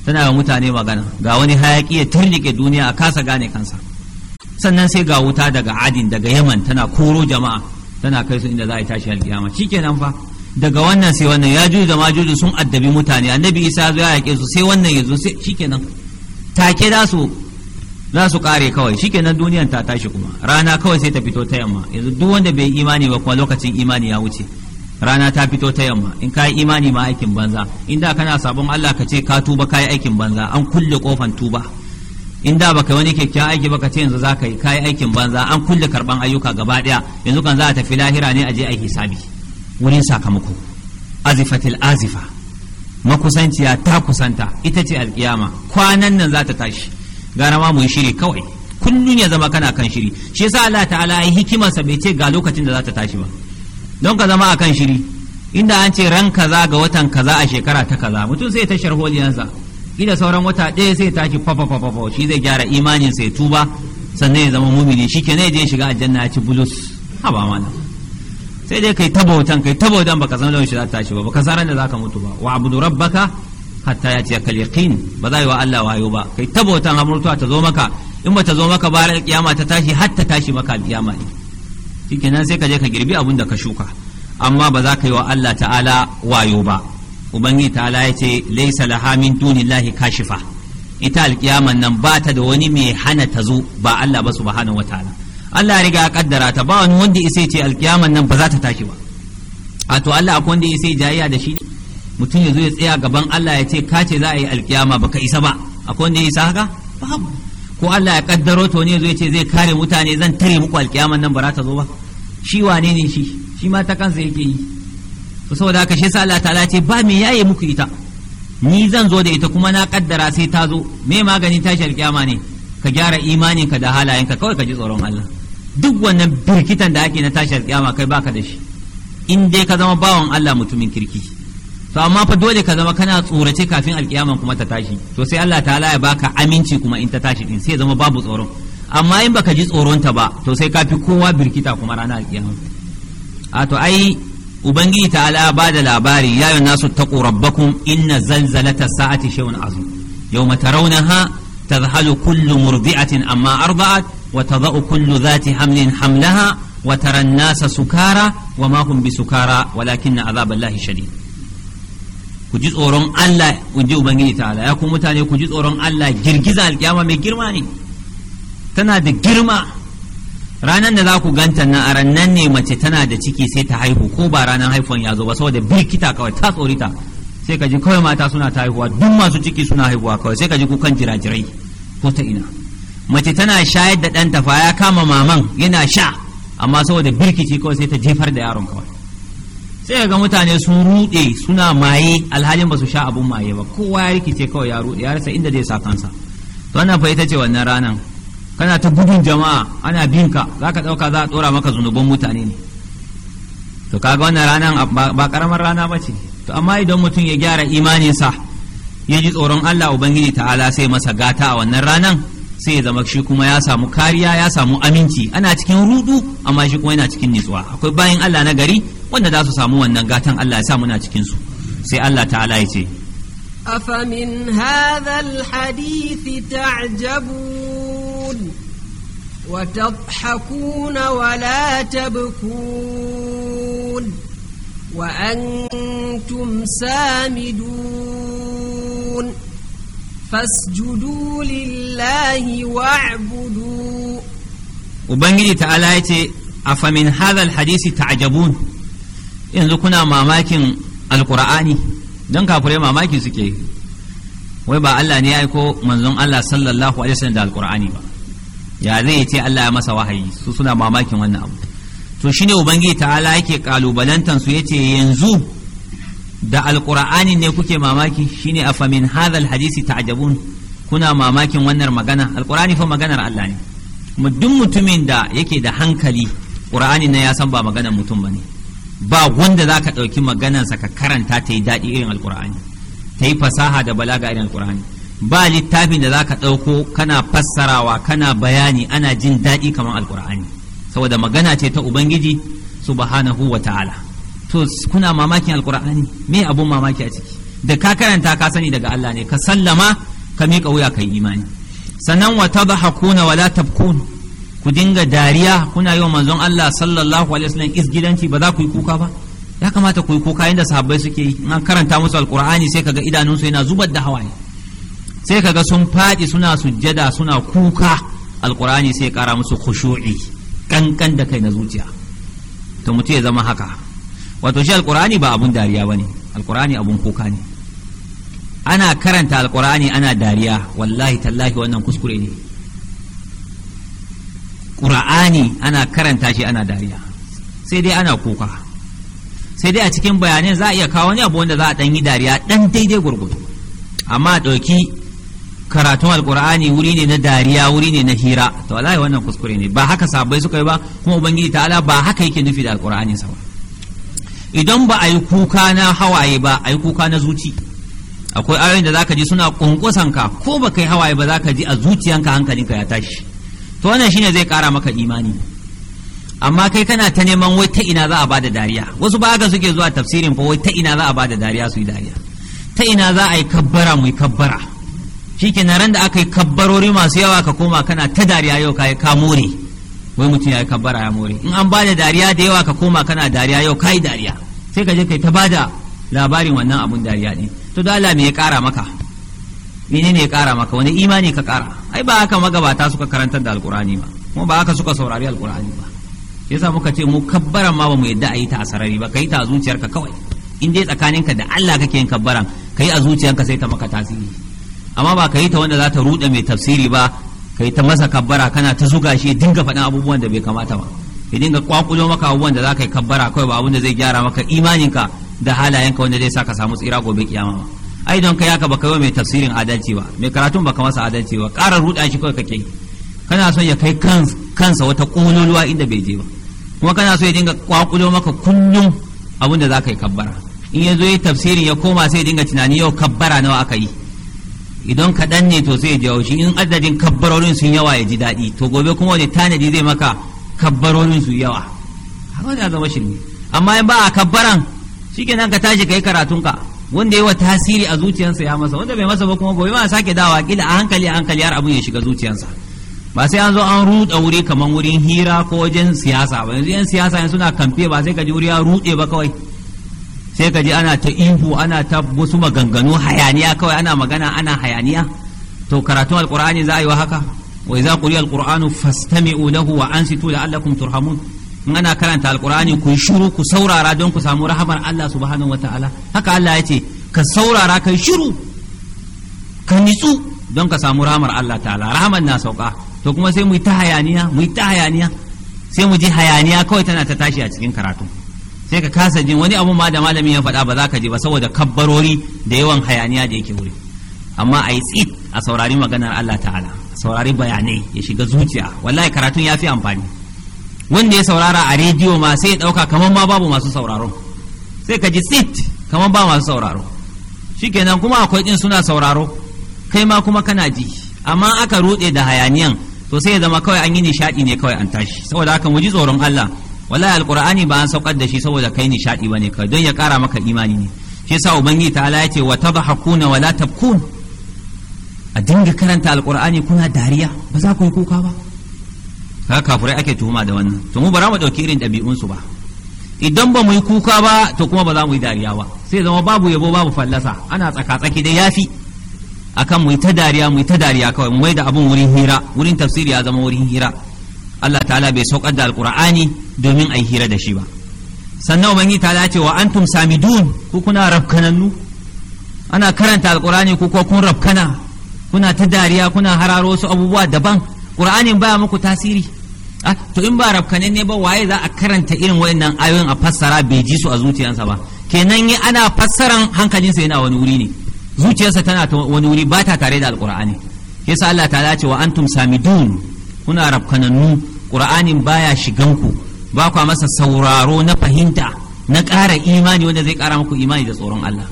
tana yi wa mutane magana ga wani hayaki ya turnike duniya a kasa gane kansa sannan sai ga wuta daga adin daga yaman tana koro jama'a tana kai su inda za a yi tashi alkiyama shikenan fa daga wannan sai wannan ya juju da majuju sun addabi mutane annabi isa ya yake su sai wannan ya zo sai shikenan take da su za su kare kawai shi shikenan duniyan ta tashi kuma rana kawai sai ta fito ta yamma yanzu duk wanda bai imani ba kuma lokacin imani ya wuce rana ta fito ta yamma in ka yi imani ma aikin banza in da kana sabon Allah ka ce ka tuba ka yi aikin banza an kulle kofan tuba in da baka wani kyakkyawan aiki baka ce yanzu za ka yi ka yi aikin banza an kulle karban ayyuka gaba daya yanzu kan za a tafi lahira ne a je a hisabi wurin sakamako azifatil azifa makusanciya ta kusanta ita ce alkiyama kwanan nan za ta tashi gara ma mun shiri kawai kullun ya zama kana kan shiri shi yasa Allah ta'ala ya sa bai ce ga lokacin da za ta tashi ba don ka zama akan shiri inda an ce ran kaza ga watan kaza a shekara ta kaza mutum sai ta sharholiyansa ida sauran wata ɗaya sai tashi fafa fafa fafa shi zai gyara imanin sai tuba sannan ya zama mumini shi ke ne je shiga aljanna ya ci bulus ba mana sai dai kai tabautan kai tabautan baka san da za ta tashi ba baka san ran da zaka mutu ba wa abudu rabbaka hatta ya ce kal yaqin ba za yi wa Allah wayo ba kai tabotan hamurtuwa ta zo maka in ba ta zo maka ba ran kiyama ta tashi har ta tashi maka alkiyama ne shikenan sai ka je ka girbi abin da ka shuka amma ba za ka yi wa Allah ta'ala wayo ba ubangiji ta'ala ya ce laysa laha min dunillahi kashifa ita alkiyaman nan ba ta da wani mai hana ta zo ba Allah ba subhanahu wataala Allah ya riga ya kaddara ta ba wani wanda ya ce alkiyaman nan ba za ta tashi ba a to Allah akwai wanda ya sai jayya da shi ne mutum ya zo ya tsaya gaban Allah ya ce ka ce za a yi alkiyama baka isa ba akwai wanda ya isa haka babu ko Allah ya kaddaro to ne zo ya ce zai kare mutane zan tare muku alkiyaman nan ba ta zo ba shi wane ne shi shi ma ta kansa yake yi to saboda haka shi sa Allah ta'ala ce ba me yaye muku ita ni zan zo da ita kuma na kaddara sai ta zo me maganin tashi alkiyama ne ka gyara ka da halayenka kawai ka ji tsoron Allah duk wannan birkitan da ake na tashi alkiyama kai baka da shi in dai ka zama bawan Allah mutumin kirki to amma fa dole ka zama kana tsorace kafin alkiyama kuma ta tashi to sai Allah ta'ala ya baka aminci kuma in ta tashi din sai zama babu tsoron amma in baka ji tsoron ta ba to sai ka fi kowa birkita kuma ranar alkiyama a to ai ubangiji ta'ala ba da labari ya yi nasu taqu rabbakum inna zalzalata sa'ati shay'un azim yawma tarawnaha tadhhalu kullu murdi'atin amma arda'at wa tadha'u kullu dhati hamlin hamlaha wa tara an-nasa sukara wa ma hum bisukara walakinna ku ji tsoron Allah in ji ubangiji ta'ala ya ku mutane ku ji tsoron Allah girgiza alkiyama mai girma ne tana da girma ranar da za ku ganta na a ranar ne mace tana da ciki sai ta haihu ko ba ranar haifon ya zo ba saboda birkita kawai ta tsorita sai ka ji kawai mata suna ta haihuwa duk masu ciki suna haihuwa kawai sai ka ji kukan jirajirai ko ta ina mace tana shayar da ɗanta fa ya kama maman yana sha amma saboda birkici kawai sai ta jefar da yaron kawai sai ga mutane sun rude suna maye alhalin ba su sha abun maye ba kowa ya rikice kawai ya rude ya rasa inda zai sa kansa to wannan fa ita ce wannan ranan kana ta gudun jama'a ana bin ka za ka ɗauka za a tsora maka zunuban mutane ne to kaga wannan ranan ba karamar rana ba ce to amma idan mutum ya gyara imanin sa ya ji tsoron Allah Ubangiji ta'ala sai masa gata a wannan ranan sai ya zama shi kuma ya samu kariya ya samu aminci ana cikin rudu amma shi kuma yana cikin nitsuwa akwai bayin Allah na gari wanda za su samu wannan gatan Allah ya sa muna cikinsu su sai Allah ta'ala ya ce afamin hadhal hadithi ta'jabun wa tadhakuna wa la tabkun wa antum samidun fasjudu lillahi wa'budu ubangiji ta'ala yace afamin hadhal hadithi ta'jabun ta yanzu kuna mamakin alkur'ani don kafirai mamaki suke wai ba Allah ne ya aiko manzon Allah sallallahu alaihi wasallam da alkur'ani ba ya zai ce Allah ya masa wahayi su suna mamakin wannan abu to shine ubangiji ta'ala yake kalubalantan su yace yanzu da alkur'ani ne kuke mamaki shine afamin hadhal hadisi ta'jabun kuna mamakin wannan magana alkur'ani fa maganar Allah ne kuma duk mutumin da yake da hankali qur'ani na ya san ba maganar mutum bane ba wanda za ka ɗauki maganarsa ka karanta ta yi daɗi irin alkur'ani ta yi fasaha da balaga irin alkur'ani ba littafin da za ka ɗauko kana fassarawa kana bayani ana jin daɗi kamar alkur'ani saboda magana ce ta ubangiji subhanahu wa ta'ala to kuna mamakin alkur'ani me abun mamaki a ciki da ka karanta ka sani daga Allah ne ka sallama ka miƙa wuya ka yi imani sannan wa tadhakuna wala tabkunu ku dinga dariya kuna yi wa manzon Allah sallallahu alaihi wasallam isgidanci ba za ku yi kuka ba ya kamata ku yi kuka inda sahabbai suke yi an karanta musu alqur'ani sai kaga idanunsu yana zubar da hawaye sai kaga sun faɗi suna sujjada suna kuka alqur'ani sai kara musu khushu'i kankan da kai na zuciya to mutu ya zama haka wato shi alqur'ani ba abun dariya bane alqur'ani abun kuka ne ana karanta alqur'ani ana dariya wallahi tallahi wannan kuskure ne ƙura'ani ana karanta shi ana dariya sai dai ana kuka sai dai a cikin bayanai za a iya kawo wani abu wanda za a ɗan yi dariya ɗan daidai gurgudu amma ɗauki karatun alƙur'ani wuri ne na dariya wuri ne na hira to wallahi wannan kuskure ne ba haka sabai suka yi ba kuma ubangiji ta'ala ba haka yake nufi da alƙur'ani sa ba idan ba a yi kuka na hawaye ba a yi kuka na zuci akwai ayoyin da zaka ji suna ka ko ba yi hawaye ba zaka ji a zuciyanka hankalinka ya tashi to wannan shine zai kara maka imani amma kai kana ta neman wai ta ina za a bada dariya wasu ba haka suke zuwa tafsirin fa wai ta ina za a bada dariya su yi dariya ta ina za a yi kabbara mu yi kabbara shikenan ran da aka yi kabbarori masu yawa ka koma kana ta dariya yau ka yi ka more wai mutum ya yi kabbara ya more in an bada dariya da yawa ka koma kana dariya yau ka yi dariya sai ka je kai ta bada labarin wannan abun dariya ne to da Allah me ya kara maka ne ya kara maka wani imani ka kara ai ba haka magabata suka karantar da alkurani ba kuma ba haka suka saurari alkurani ba yasa muka ce mu kabbaran ma ba mu yadda a yi ta a sarari ba ka yi ta a zuciyarka kawai in dai tsakaninka da Allah kake yin kabbaran ka yi a zuciyarka sai ta maka tasiri amma ba ka yi ta wanda za ta ruɗe mai tafsiri ba ka yi ta masa kabbara kana ta zuga shi dinga faɗin abubuwan da bai kamata ba ya dinga kwakulo maka abubuwan da za ka yi kabbara kawai ba abun da zai gyara maka imaninka da halayenka wanda zai sa ka samu tsira gobe kiyama ba ai don kai haka baka yi mai tafsirin adalci ba mai karatun baka masa adalci ba karar ruɗa shi kawai kake kana son ya kai kansa wata ƙololuwa inda bai je ba kuma kana so ya dinga kwakulo maka kullum abin da za ka yi kabbara in ya zo yi tafsirin ya koma sai ya dinga tunani yau kabbara nawa aka yi idan kaɗan ne to sai ya ji haushi in adadin kabbarorin sun yawa ya ji daɗi to gobe kuma wani tanadi zai maka kabbarorin su yawa haka ne zama shirme amma in ba a kabbaran kenan ka tashi ka yi karatunka wanda yawa tasiri a zuciyarsa ya masa wanda bai masa ba kuma gobe ma sake dawa kila a hankali a hankali har abun ya shiga zuciyarsa ba sai an zo an ruɗa wuri kamar wurin hira ko wajen siyasa ba yanzu yan siyasa yan suna kamfe ba sai ka ji wuri ya ruɗe ba kawai sai ka ana ta ihu ana ta wasu maganganu hayaniya kawai ana magana ana hayaniya to karatun alqur'ani za a yi wa haka wa iza quri alqur'anu fastami'u lahu wa ansitu la'allakum turhamun in ana karanta alkur'ani ku yi shiru ku saurara don ku samu rahamar Allah subhanahu wataala haka Allah ya ce ka saurara ka shiru ka nitsu don ka samu rahamar Allah ta'ala rahamar na sauka to kuma sai mu yi ta hayaniya mu yi ta hayaniya sai mu ji hayaniya kawai tana ta tashi a cikin karatu sai ka kasa jin wani abu ma da malamin ya faɗa ba za ka ji ba saboda kabbarori da yawan hayaniya da yake wuri amma a yi tsit a saurari maganar Allah ta'ala saurari bayanai ya shiga zuciya wallahi karatun ya fi amfani wanda ya saurara a rediyo ma sai ya ɗauka kamar ma babu masu sauraro sai ka ji tsit kamar ba masu sauraro shikenan kuma akwai ɗin suna sauraro kai ma kuma kana ji amma aka ruɗe da hayaniyan to sai ya zama kawai an yi nishaɗi ne kawai an tashi saboda haka mu ji tsoron Allah wallahi alqur'ani ba an saukar da shi saboda kai nishaɗi bane kawai don ya kara maka imani ne shi yasa ubangiji ta'ala ce wa tadhakuna wa la tabkun a dinga karanta alqur'ani kuna dariya ba za ku yi kuka ba ka kafurai ake tuhuma da wannan to mu ba za mu ɗauki irin ɗabi'unsu ba idan ba mu yi kuka ba to kuma ba za mu yi dariya ba sai zama babu yabo babu fallasa ana tsaka-tsaki dai yafi akan mu yi ta dariya mu yi ta dariya kawai mu da abun wurin hira wurin tafsiri ya zama wurin hira Allah ta'ala bai saukar da alkur'ani domin a yi hira da shi ba sannan ubangi ta ce wa antum samidun ku kuna rafkanannu ana karanta alkurani ku ko kun rafkana kuna ta dariya kuna hararo wasu abubuwa daban qur'anin baya muku tasiri Ah, to in ba rafkanin ne ba waye za a karanta irin wayannan ayoyin a fassara bai ji su a zuciyarsa ba kenan yi ana fassaran hankalinsa yana wani wuri ne zuciyarsa tana ta wani wuri ba ta tare da alqur'ani yasa Allah ta ce wa antum samidun kuna rafkanannu qur'anin baya shigan ku ba kwa masa sauraro na fahimta na ƙara imani wanda zai ƙara muku imani da tsoron Allah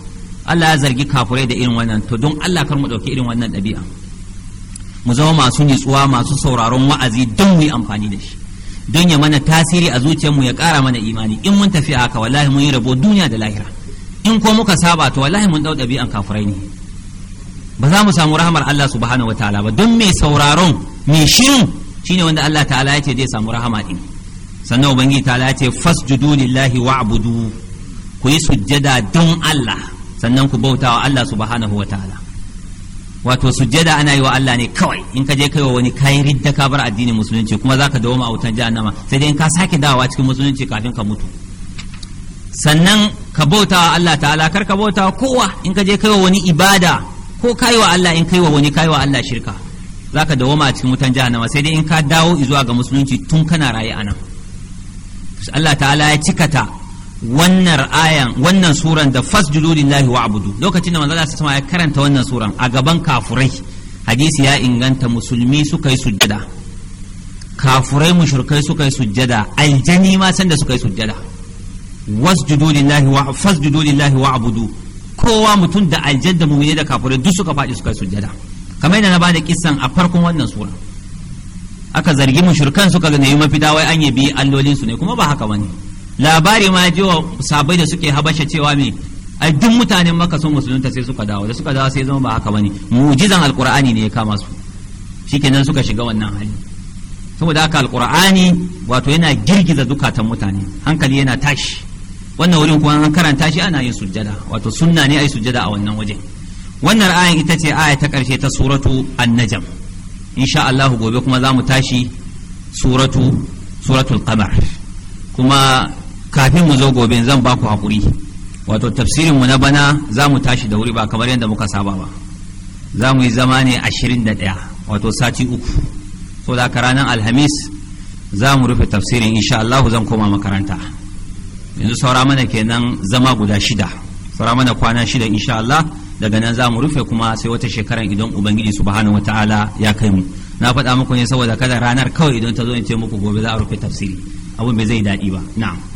Allah ya zargi kafurai da irin wannan to don Allah kar mu ɗauki irin wannan ɗabi'a mu zama masu nitsuwa masu sauraron wa'azi don mu yi amfani da shi don ya mana tasiri a zuciyarmu ya ƙara mana imani in mun tafi haka wallahi mun yi rabo duniya da lahira in ko muka saba to wallahi mun dau ɗabi'an kafirai ne ba za mu samu rahamar Allah subhanahu wataala ba don mai sauraron mai shirin shine wanda Allah ta'ala ya ce zai samu rahama din sannan ubangiji ta'ala ya ce fasjudu lillahi wa'budu ku yi sujjada don Allah sannan ku bauta wa Allah subhanahu wataala wato sujjada ana yi wa Allah ne kawai in ka je kaiwa wani kayi ridda ka bar addinin musulunci kuma zaka dawo ma autan jahannama sai dai in ka sake dawowa cikin musulunci kafin ka mutu sannan ka bauta wa Allah ta'ala kar ka bauta kowa in ka je kaiwa wani ibada ko kai wa Allah in kai wa wani kai wa Allah shirka zaka dawo ma cikin wutan jahannama sai dai in ka dawo zuwa ga musulunci tun kana raye anan Allah ta'ala ya cikata wannan ayan wannan suran da fasjudu lillahi abudu lokacin da manzo Allah ya karanta wannan suran a gaban kafurai hadisi ya inganta musulmi suka yi sujjada kafurai mushrikai suka yi sujjada aljani ma san da suka yi sujjada wasjudu lillahi wa fasjudu lillahi abudu kowa mutum da aljanna mu'mini da kafurai duk suka faɗi suka yi sujjada kamar yadda na bada kissan a farkon wannan sura aka zargi mushrikan suka ga ne mafi wai an bi allolin su ne kuma ba haka bane labari ma ji wa sabai da suke habasha cewa me ai duk mutanen maka sun musulunta sai suka dawo da suka dawo sai zama ba haka bane mu'jizan alqur'ani ne ya kama su shikenan suka shiga wannan hali saboda haka alqur'ani wato yana girgiza dukatan mutane hankali yana tashi wannan wurin kuma an karanta shi ana yin sujjada wato sunna ne ai sujjada a wannan wajen wannan ayan ita ce aya ta karshe ta suratu an-najm insha Allah gobe kuma za mu tashi suratu suratul qamar kuma kafin mu zo gobe zan ba ku haƙuri wato tafsirin mu na bana za mu tashi da wuri ba kamar yadda muka saba ba za mu yi zama ne ashirin da ɗaya wato sati uku so da ranar alhamis za mu rufe tafsirin insha Allah zan koma makaranta yanzu saura mana kenan zama guda shida saura mana kwana shida insha Allah daga nan za mu rufe kuma sai wata shekaran idan ubangiji subhanahu wataala ya kai mu na faɗa muku ne saboda kada ranar kawai idan ta zo in ce muku gobe za a rufe tafsiri abun bai zai daɗi ba na'am